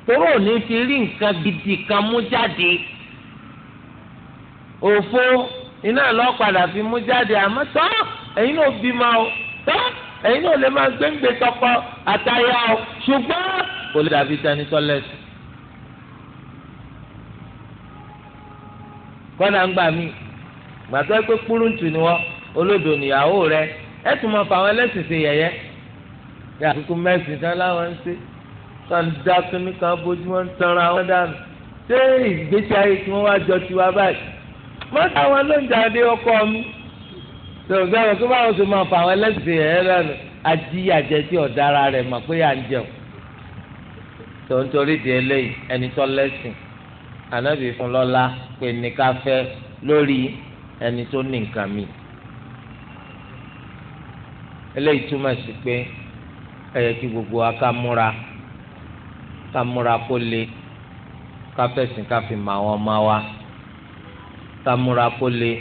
tóró ò ní fi rí nǹkan gidi kan mú jáde òfo iná lọ́padà fi mú jáde àmọ́ tọ́ ẹ̀yin náà bímọ o tọ́ ẹ̀yin náà lè máa gbéǹgbé tọkọ àtayá o ṣùgbọ́n kò lè dàbí tẹnitọ́ lẹ́sìn. kọ́nà ń gbà mí gbàtọ́ pé kúrúǹtù ni wọ́n olódò nìyàwó rẹ ẹ tún mọ fàwọn ẹlẹ́sìn ṣe yẹ̀yẹ́ yà kúkú mẹ́sìn tán láwọn ń ṣe tán dá kínní kan bójúmọ́ ń tanra wọn dànù ṣé ìgbésí ayé tí wọ́n wá jọ tiwa báyìí má táwọn lóúnjáde ọkọ mi tòǹgbà wọn kí báwọn ṣe máa fàwọn ẹlẹ́sìn ṣe yẹ̀yẹ́ lẹ́nu ají àjẹ tí ọ̀dára rẹ̀ mọ̀ pé à ń jẹun tòǹtòrí di eléyìí ẹni tó lẹ́sìn anabi fún lọ́lá pé nìka fẹ́ lórí ẹni tó ní nǹkan mi eléyìí túmọ̀ sí pé ẹ yẹ kí gbogbo wa ká múra ká múra kó le ká fẹ̀sìn ká fi mọ àwọn ọmọ wa ká múra kó le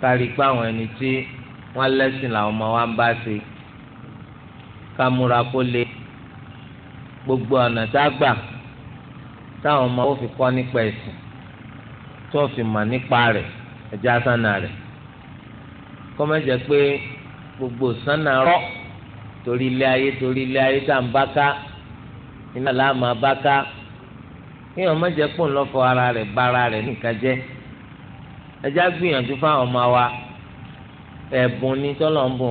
ká rí pé àwọn ẹni tí wọ́n lẹ́sìn làwọn ọmọ wa ń bá ṣe ká múra kó le gbogbo ọ̀nà tá a gbà. táwọn ọmọ ó fi kọ́ nípa ẹ̀sìn tó fi mọ̀ nípa rẹ̀ ẹ̀jẹ̀ asánà rẹ̀ kọ́mẹ́jẹ pé gbogbo sánà rọ̀ torí ilé ayé torí ilé ayé tá à ń bá ká iná làá bá ká kí ọmọ jẹ pò ń lọ́fọ̀ ara rẹ̀ bá rẹ̀ wa ẹ̀bùn ní tọ́lọ̀ ń bùn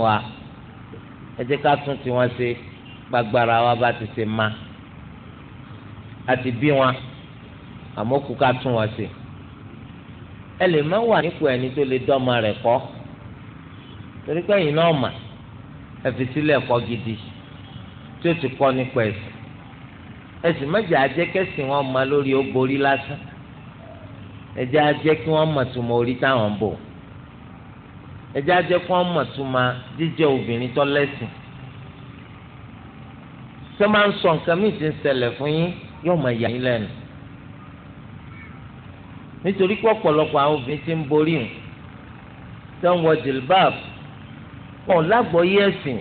wa wa bá ti àti bí wọn àmọ́ kú ká tún wọn sí ẹ lè má wà nípò ẹni tó lè dọ́mọ rẹ̀ kọ́ torí pé ẹ̀yin náà mà ẹ fi sílẹ̀ ẹ̀kọ́ gidi tí ó ti kọ́ nípa ẹ̀sìn ẹ̀sìn mẹ́jọ ajẹ́kẹ́sìn wọn mọ lórí ó lásán ẹ̀jẹ̀ ajẹ́ kí wọ́n mọ̀ tó mọ orí táwọn ń bọ̀ ẹ̀jẹ̀ ajẹ́ kí wọ́n mọ̀ tó ma jíjẹ́ obìnrin tó lẹ́sìn tó máa ń sọ nǹkan míì ti ń ṣẹlẹ̀ fún yín yóò máa yà yín lẹ́nu nítorí pé ọ̀pọ̀lọpọ̀ àwọn obìnrin ti ń borí hùn tó ń wọ jìlbáàb wọn lágbọ̀ọ́yé ẹ̀sìn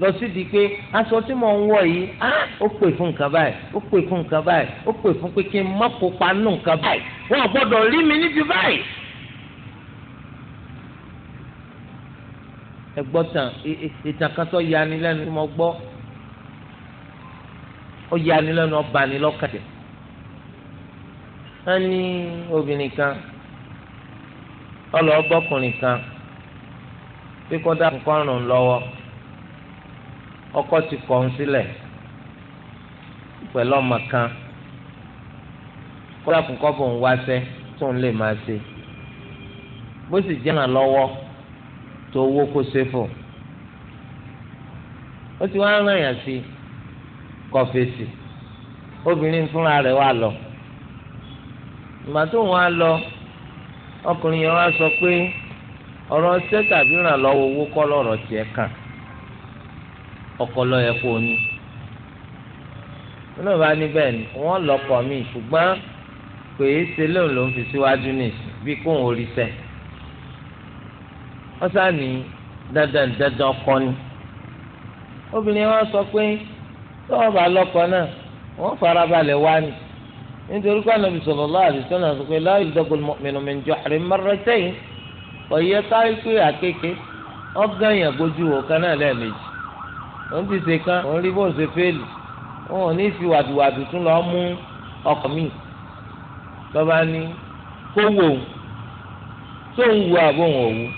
lọ sí di pé aṣọ tí mò ń wọ yìí á ó pè fún nǹkan báyìí ó pè fún nǹkan báyìí ó pè fún pé kí n má kópa nù nǹkan báyìí wọn ò gbọ́dọ̀ rí mi níbi báyìí. ẹ gbọ́ tán ìtàn kan tó yani mo gbọ́ ó yani lẹ́nu ọba ni lọ́kàdé wọ́n ní obìnrin kan kan bí lọ́wọ́ ọkọ ti kọ̀ ń sílẹ̀ pẹ̀lú ọmọ kan kó dá nǹkan bò ń wáṣẹ́ tó ń lè máa ṣe bó sì jẹ́ ràn ti wá ràn yàn kọfẹsì obìnrin fúnra rẹ̀ wà lọ ìgbà tó wọn á lọ ọkùnrin yẹn wá sọ pé ọ̀rọ̀ ṣẹ tàbí ìrànlọ́wọ́ owó kọ́ lọ́rọ̀ tiẹ̀ kàn ọkọlọ yẹ kó o ní nínú bá níbẹ̀ wọ́n lọkọ mi ṣùgbọ́n pé ṣe lóun ló ń fi síwájú nìsín bí kóun orí sẹ wọ́n sá ní dandan dandan kọ́ni obìnrin yẹn sọ pé tọ́wọ́ bá lọ́kọ náà wọ́n farabalẹ̀ wá ni nítorí pé Ànábì sallallahu alaihi wasallam sọ pé la yuldaghul mu'minu min juhrin marratayn ọ̀yẹ́ káyọ̀ pé àkékè ọ̀gá yẹn gbójú wò kan náà lẹ́ẹ̀mejì òun ti ṣe kan òun rí bóun ṣe fẹ́ẹ̀lì òun ò ní fi wàdùwàdù tún lọ́ọ́ mú ọkọ̀ míì lọ́ba ní kó wò ó tó ń wo àbóhùn òwú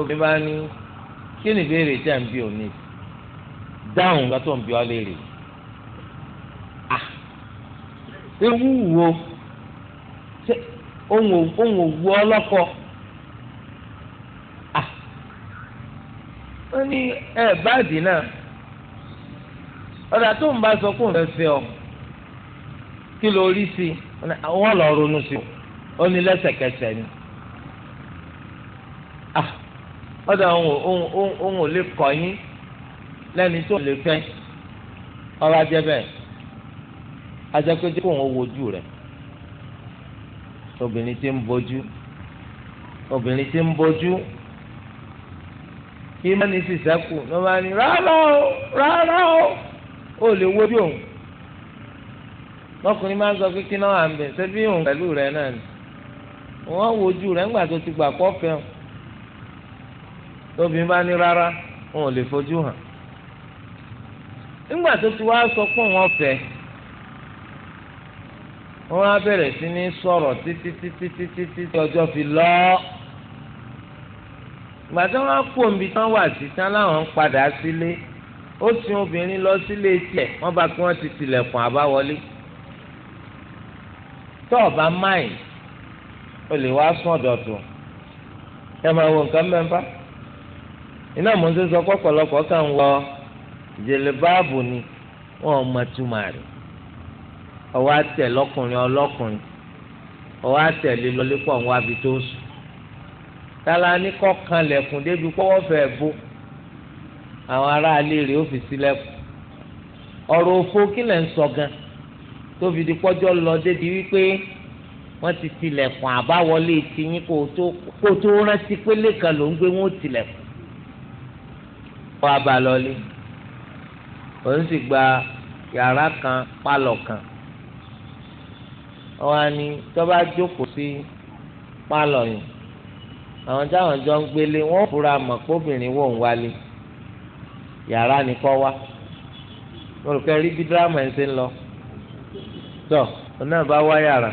obìnrin bá ní ni ìbéèrè dáhùn nǹkan tó ń bi ọ́ léèrè ewu ah, wo ṣe ohun òwu ọlọ́kọ ah, ó ní ẹ báàdì náà ọ̀dà tó ń bá sọ kó ń fẹ́ fẹ́ ọ kí ló rí sí wọ́n lọ ronú sí ó ní lẹ́sẹ̀kẹsẹ̀ ni ah, ọ̀dà ohun ò lè kọ́ yín lẹ́ni tó lè fẹ́ ọba jẹ bẹ́ẹ̀ ajẹpẹjẹ kò wọ́n wojú rẹ̀ obìnrin tí ń bójú obìnrin tí ń bójú ìmọ̀ni sì sẹ́kù ló máa ní rárá o rárá o ó lè wojú òun lọkùnrin máa ń sọ pé kí náà à ń bẹ̀ ṣé bí òun pẹ̀lú rẹ̀ náà ni wọ́n wojú rẹ̀ ńgbà tó ti gbà kọ́ fẹ́ o lóbìnrin bá ní rárá òun ò lè fojú hàn nígbà tó ti wá sọ pé wọ́n fẹ́ wọ́n á bẹ̀rẹ̀ sí ní sọ̀rọ̀ títí títí títí títí ọjọ́ fi lọ. ìgbà tí wọ́n kó omi tán wà sí tán láwọn ń padà sílé ó sin obìnrin lọ sílé tiẹ̀ wọ́n bá kí wọ́n ti tilẹ̀kùn àbáwọlé. tó o bá máì o lè wá sún ọ̀dọ̀ tó ẹ máa wo nǹkan mẹ́fà iná mọ̀ ń sọ pé ọ̀pọ̀lọpọ̀ kàn wọ jèlèbáàbù ni wọn mọ túmọ̀ rẹ̀ ọwọ́ àtẹ lọ́kùnrin ọlọ́kùnrin ọwọ́ àtẹ lílọ́lẹ́pọ̀ wọn àbí tó sùn tala ní kọ́kan lẹ̀kùn débi pọ́wọ́ fẹ́ bó àwọn aráalé rẹ̀ ó fi sílẹ̀kùn ọ̀rọ̀ òfo kí lẹ̀ ń sọ gan tóbi di pọ́jọ́ lọ débi wípé wọ́n ti tilẹ̀kùn àbáwọlé tiyín kó tó rántí pélé kan ló ń gbé wọn ó tilẹ̀kùn wọ́n á bá lọ lé òun sì gba yàrá kan pálọ̀ kan wọn á ní tó bá jókòó sí pálọ̀ yìí àwọn táwọn jọ ń gbélé wọn fura mọ̀ kóbìnrin wò ń wálé yàrá ni kọ́ wá mo rò pé rí bí dírámà ẹ̀ ṣe ń lọ tó òun náà bá wá yàrá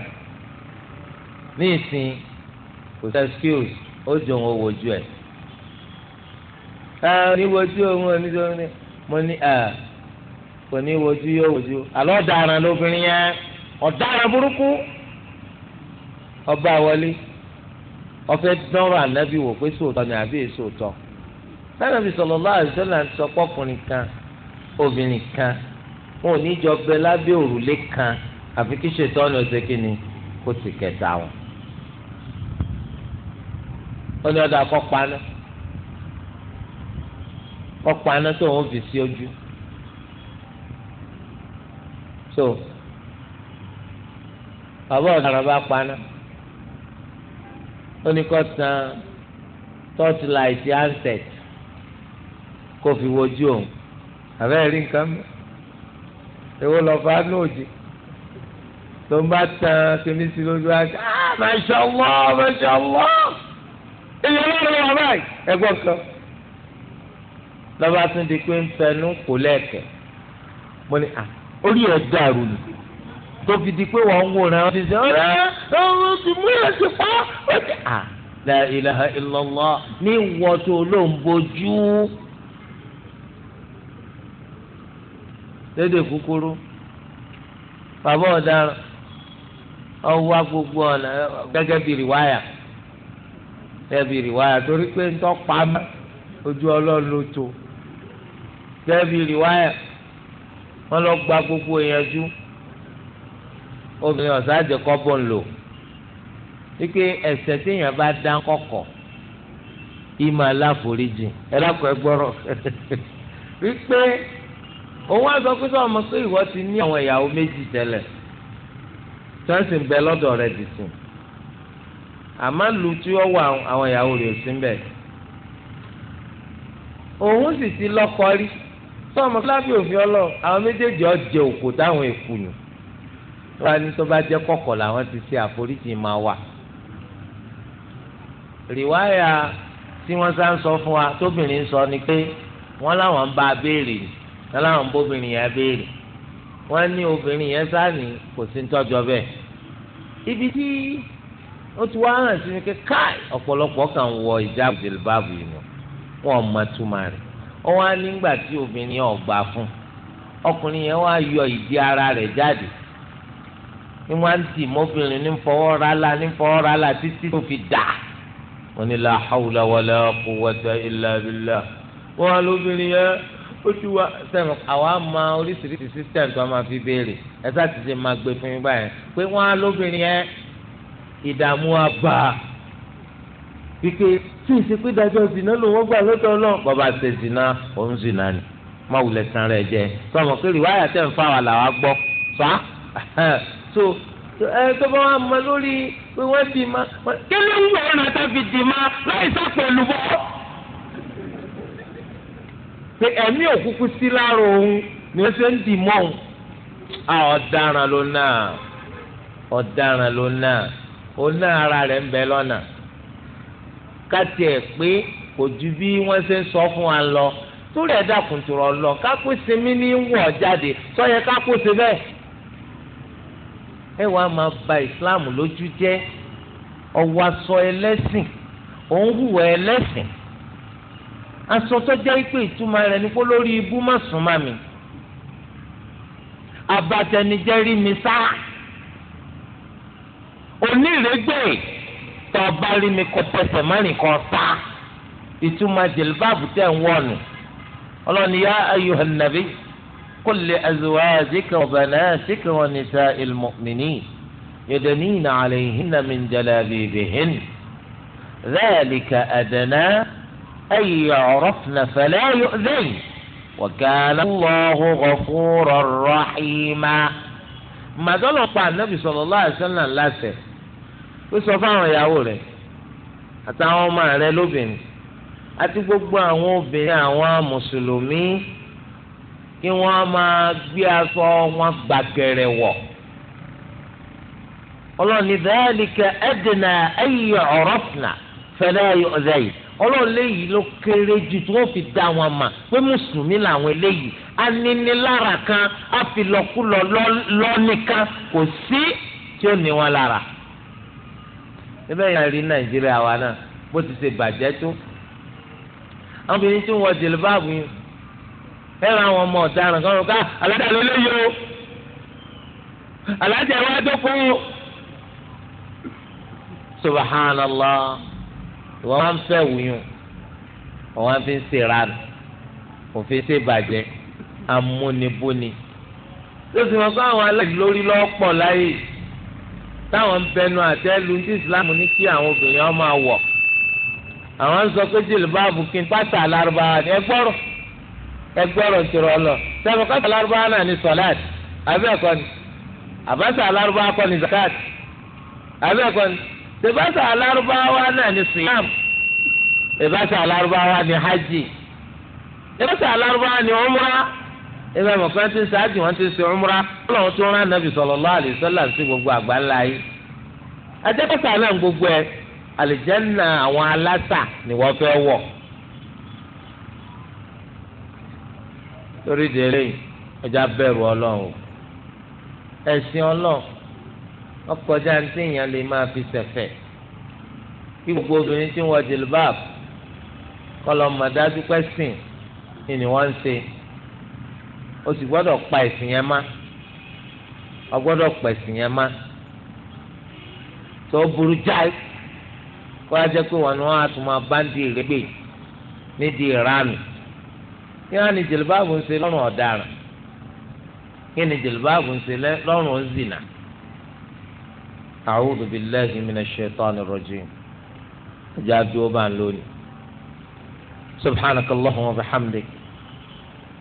ní ìsìn kò sẹ́ skills ó jòun owó ju ẹ̀ ẹ̀ oníwojú òun oníṣòwò ni mo ní ẹ̀. kò ní wojú yóò wojú àlọ́ ọ̀daràn lóbìnrin yẹn ọ̀daràn burúkú ọba wọlé ọfẹ dánwò ànábì wò pé sòótọ́ ni àbí èsòótọ́ lánàbì sallallahu sọ pọkùnrin kan obìnrin kan wọn ò ní jọ bẹ lábẹ́ òrùlé kan àfi kí ṣètọ́ ọ̀sẹ̀ kó kẹta wọn. ó ní paná tó fi sí ojú. tó bàbá ọ̀daràn bá paná ó ní kó tan tọ́ọ̀tì láìsí ansẹ̀t kó fi wojú òun àbẹ́rẹ́ rí nǹkan mọ́ èwo lọ́ba lóòjì tó ń bá tan kíní sí lójú àti ah masha Allah masha Allah èyí ọlọ́run wà báyìí ẹgbọ́n kan lọ́ba tún di pé ń fẹnu kò lẹ́ẹ̀kẹ́ mo ní à ah, orí ẹ̀ dàrú ni tó fi di pé wọ́n ń wòran wọ́n ti sẹ́ ọ̀rẹ́ ọ̀rọ̀ ti mú yẹn ti pa ó ti à la ilaha illallah ní wọ́n ló ń bojú lédè kúkúrú bàbá ọ̀daràn ọwọ́ gbogbo ọ̀nà gẹ́gẹ́ bí rìwáyà gẹ́gẹ́ bí rìwáyà torí pé ń tọ́ pa ojú ọlọ́run ló tó gẹ́gẹ́ bí rìwáyà wọ́n lọ gba gbogbo ìyànjú obìnrin ọ̀sán àjẹ kọ́bọ̀ ń lò wípé ẹ̀ṣẹ̀ téèyàn bá dá kọ̀kọ̀ yìí máa láforíjì ẹ lákọ̀ ẹ gbọ́rọ̀ wípé òun á sọ pé sọ ọmọ pé ìwọ ti ní àwọn ìyàwó méjì tẹ́lẹ̀ tí bẹ lọ́dọ̀ rẹ̀ dì àmọ́ lu tí ó wà àwọn ìyàwó rẹ̀ sí ń òun sì ti lọ́kọ rí sọ ọmọ kíláàsì òfin ọlọ àwọn méjèèjì ọjẹ òkò táwọn èkùnù wọn ni tó bá jẹ kọkọ làwọn ti ṣe àforíjì máa wà rìwáyà tí wọn sá ń sọ fún wa tóbìnrin sọ ni pé wọn láwọn ń bá a béèrè wọn láwọn ń bóbìnrin yẹn béèrè wọn ní obìnrin yẹn sáni kò sí ń tọjọ bẹ́ẹ̀ ibi tí ó ti wá hàn sí ni pé káì ọ̀pọ̀lọpọ̀ kan wọ ìjáàbù jìlbáàbù yìí wọn ò mọ túmọ̀ rẹ̀ ó wá nígbà tí obìnrin yẹn ọgbà fún ọkùnrin yẹn wá yọ ìdí ara rẹ̀ jáde ni wọ́n á ń tì mọ́bìnrin ní fọwọ́ rálá ní fọwọ́ rálá títí tó fi dà wọ́n ní la hawla wala quwwata illa billah wọ́n á lóbìnrin yẹn ó ti wá sẹ́nu àwa máa oríṣiríṣi system tó a máa fi béèrè ẹ sáà ti ṣe máa gbé fún yín báyẹn pé wọ́n á lóbìnrin yẹn ìdààmú àgbà wípé tí ìsìnkú dájọ́ zina ló wọ́n gbà lọ́dọ̀ náà bàbá ṣe zina òun zina ni má wulẹ̀ san rẹ̀ jẹ sọmọ pé rìwáyà tẹ̀ ń fa wà làwa gbọ́ fa so ẹ tó bá wà mọ lórí pé wọ́n ti ma kí ló ń wọ̀ ọ́nà tó fi di ma láì sá pẹ̀lú bọ́. pé ẹ̀mí òkúkú sí láàrọ̀ òun ni wọ́n ṣe ń dì mọ́ òun. a ọ̀daràn ló náà ọ̀daràn ló náà ó náà ara rẹ̀ ń bẹ lọ́nà káti ẹ̀ pé kò ju bí wọ́n ṣe ń sọ fún wa lọ torí ẹ̀ dákun tó rọ lọ kápẹ́ sinmi ní wọ̀ jáde sọ́yẹ kápẹ́ ṣe bẹ́ẹ̀. ẹ wàá máa bà Islam lójú jẹ́ ọwọ́ aṣọ ẹlẹ́sìn òun hùwà ẹlẹ́sìn aṣọ tó jẹ́ pé ìtumọ̀ rẹ̀ ní kó lórí ibú má sùn má mi abatẹnijẹ́ rí mi sá onírègbè. tó o bá rí mi kọ tẹsẹ̀ ní kan sá ìtumọ̀ jìlbáàbù tẹ̀ ń wọ̀nù ọlọ́ni yá ayò ayyuhan nabi qul li azwajika wa banatika wa nisa'il mu'minin yadanina alayhinna min jalabibihin dhalika adna an yu'rafna fala yu'dhayn wa kana Allahu ghafuran rahima màdọ́lọ́pàá nàbì sallallahu alaihi wasallam láṣẹ. ó sọ fáwọn ìyàwó rẹ àtàwọn ọmọ rẹ lóbìnrin àti gbogbo àwọn obìnrin àwọn mùsùlùmí kí ma máa gbé aṣọ wọn gbàgẹrẹ wọ̀ ọlọ́ọ̀ni dhalika ló kéré tí wọ́n fi dá wọn mà pé mùsùlùmí làwọn eléyìí aninilára kan àfilọ́kúlọ́ kò sí tí ó níbẹ̀ yẹn rí nàìjíríà wa náà bó ti ṣe bàjẹ́ tó àwọn obìnrin tí wọ́n jèlè báàbù yìí fẹ́ràn àwọn ọmọ ọ̀daràn kan ká alájà ló léyìí o alájà wa dọ́kun o subhanallah ìwọ máa ń fẹ́ wuyùn ọ̀wọ́n á fi ń ṣe rárá òfin ṣe bàjẹ́ amúnibúni lóṣù wọn kọ́ àwọn aláìlórí lọ́pọ̀ láyé yìí táwọn ń bẹnu àtẹ́ lu ní ìsìláàmù ní kí àwọn obìnrin ọmọ àwọ̀ àwọn ń sọ pé jìlìbáàbù kí n pátá lárúbáwá ni ẹgbọ́rọ̀ ẹgbọ́rọ̀ ti rọ lọ sẹ́mi pátá lárúbáwá náà ni sọ̀láàtì àbẹ́ ẹ̀kọ́ ni àbátà alárúbáwá kọ́ ni zakat àbẹ́ ẹ̀kọ́ ni tẹ̀bátà alárúbáwá náà ni siyam tẹ̀bátà alárúbáwá ni hajj tẹ̀bátà alárúbáwá ni umrah ebe àwọn kan ti ṣáájú wọn ti ṣe umra Ọlọ́run tó rán anabi sallallahu alaihi wasallam sí gbogbo àgbáńlá yìí ajẹkọsà náà gbogbo ẹ àlìjẹnà àwọn aláṣà ni wọ́n fẹ́ wọ̀ lórí ìdílé ọjà bẹ̀rù Ọlọ́run ẹ̀sìn Ọlọ́run ọkọjá ntí èèyàn lè máa fi ṣẹ̀fẹ̀ kí gbogbo obìnrin tí wọ́n jìlbáàbù kọlọ mọdájú pẹsìn ni wọ́n ń ṣe. o si gbọ́dọ̀ pa ẹ̀sìn yẹn má o gbọ́dọ̀ pa ẹ̀sìn yẹn má tó burú jáì kó a jẹ́ pé wọn ni wọ́n á tún máa báńdì rẹ́gbè nídìí ìranù kí wọ́n á ní ń ṣe lọ́rùn ọ̀daràn kí ni jìlbáàbù ń ṣe lọ́rùn ọ̀zìnà. A'udhu billahi minash shaitani rajim bá ń lónìí wa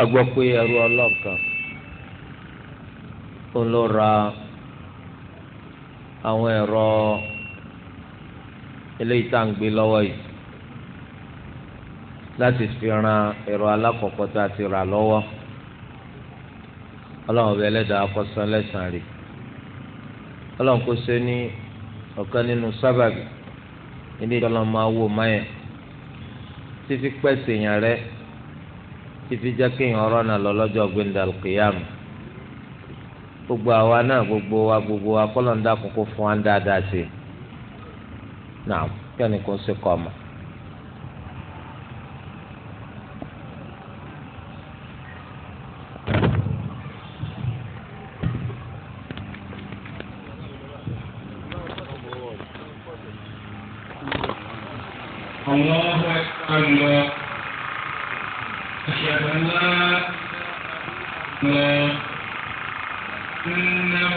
a gbọ́ pé ẹrú ọlọ́ọ̀kan ó ló ra àwọn ẹ̀rọ eléyìí tá à ń gbé lọ́wọ́ yìí láti fi ran ẹ̀rọ alákọ̀ọ́kọ́ tá a ti rà lọ́wọ́ ọlọ́run ọbẹ̀ ẹlẹ́dàá akọ́sán lẹ́sàn-án rè ọlọ́run kò ṣe ní ọ̀kan nínú sábàbí ilé ìjọba máa wò máyà tí pẹ́ sèèyàn rẹ̀ títí jẹ́ kéèyàn ọ̀rọ̀ náà lọ lọ́jọ́ gbẹ̀ndàlù kìyàmù gbogbo àwa náà gbogbo wa gbogbo wa kọ́lọ̀ ń dákun kó fún wa ń dáadáa sí i náà kí ẹnì ṣe kọ́ ọ mọ́. إن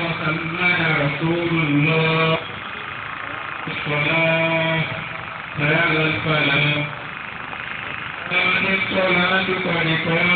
محمد رسول الله الصلاة هذا الفلاح فمن الصلاة قد قام